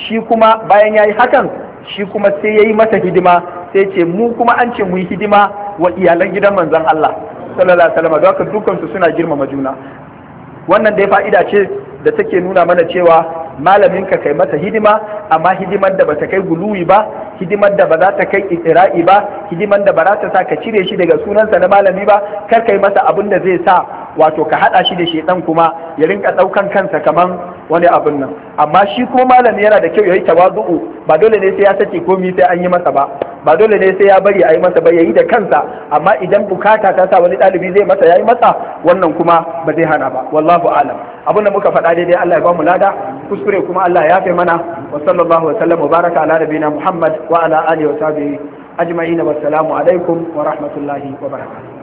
shi kuma bayan yayi hakan shi kuma sai yayi masa hidima sai ce mu kuma an ce mu yi hidima wa iyalan gidan manzon Allah sallallahu alaihi wasallam don haka dukkan su suna girmama juna wannan dai fa'ida ce da take nuna mana cewa malaminka kai masa hidima amma hidimar da bata kai guluwi ba hidimar da ba za ta kai itira'i ba hidimar da ba za ta sa ka cire shi daga sunansa na malami ba kar kai masa abin da zai sa wato ka haɗa shi da shaidan kuma ya rinka ɗaukan kansa kaman wani abun nan amma shi kuma malami yana da kyau ya yi tawazu'u ba dole ne sai ya sace komi sai an yi masa ba ba dole ne sai ya bari a yi masa ba ya yi da kansa amma idan bukata ta sa wani ɗalibi zai masa ya yi masa wannan kuma ba zai hana ba wallahu alam abun da muka faɗa daidai Allah ya ba mu lada kuskure kuma Allah ya yafe mana wa sallallahu wa sallam wa baraka ala nabiyina Muhammad wa ala alihi wa sahbihi ajma'in wa alaikum wa rahmatullahi wa barakatuh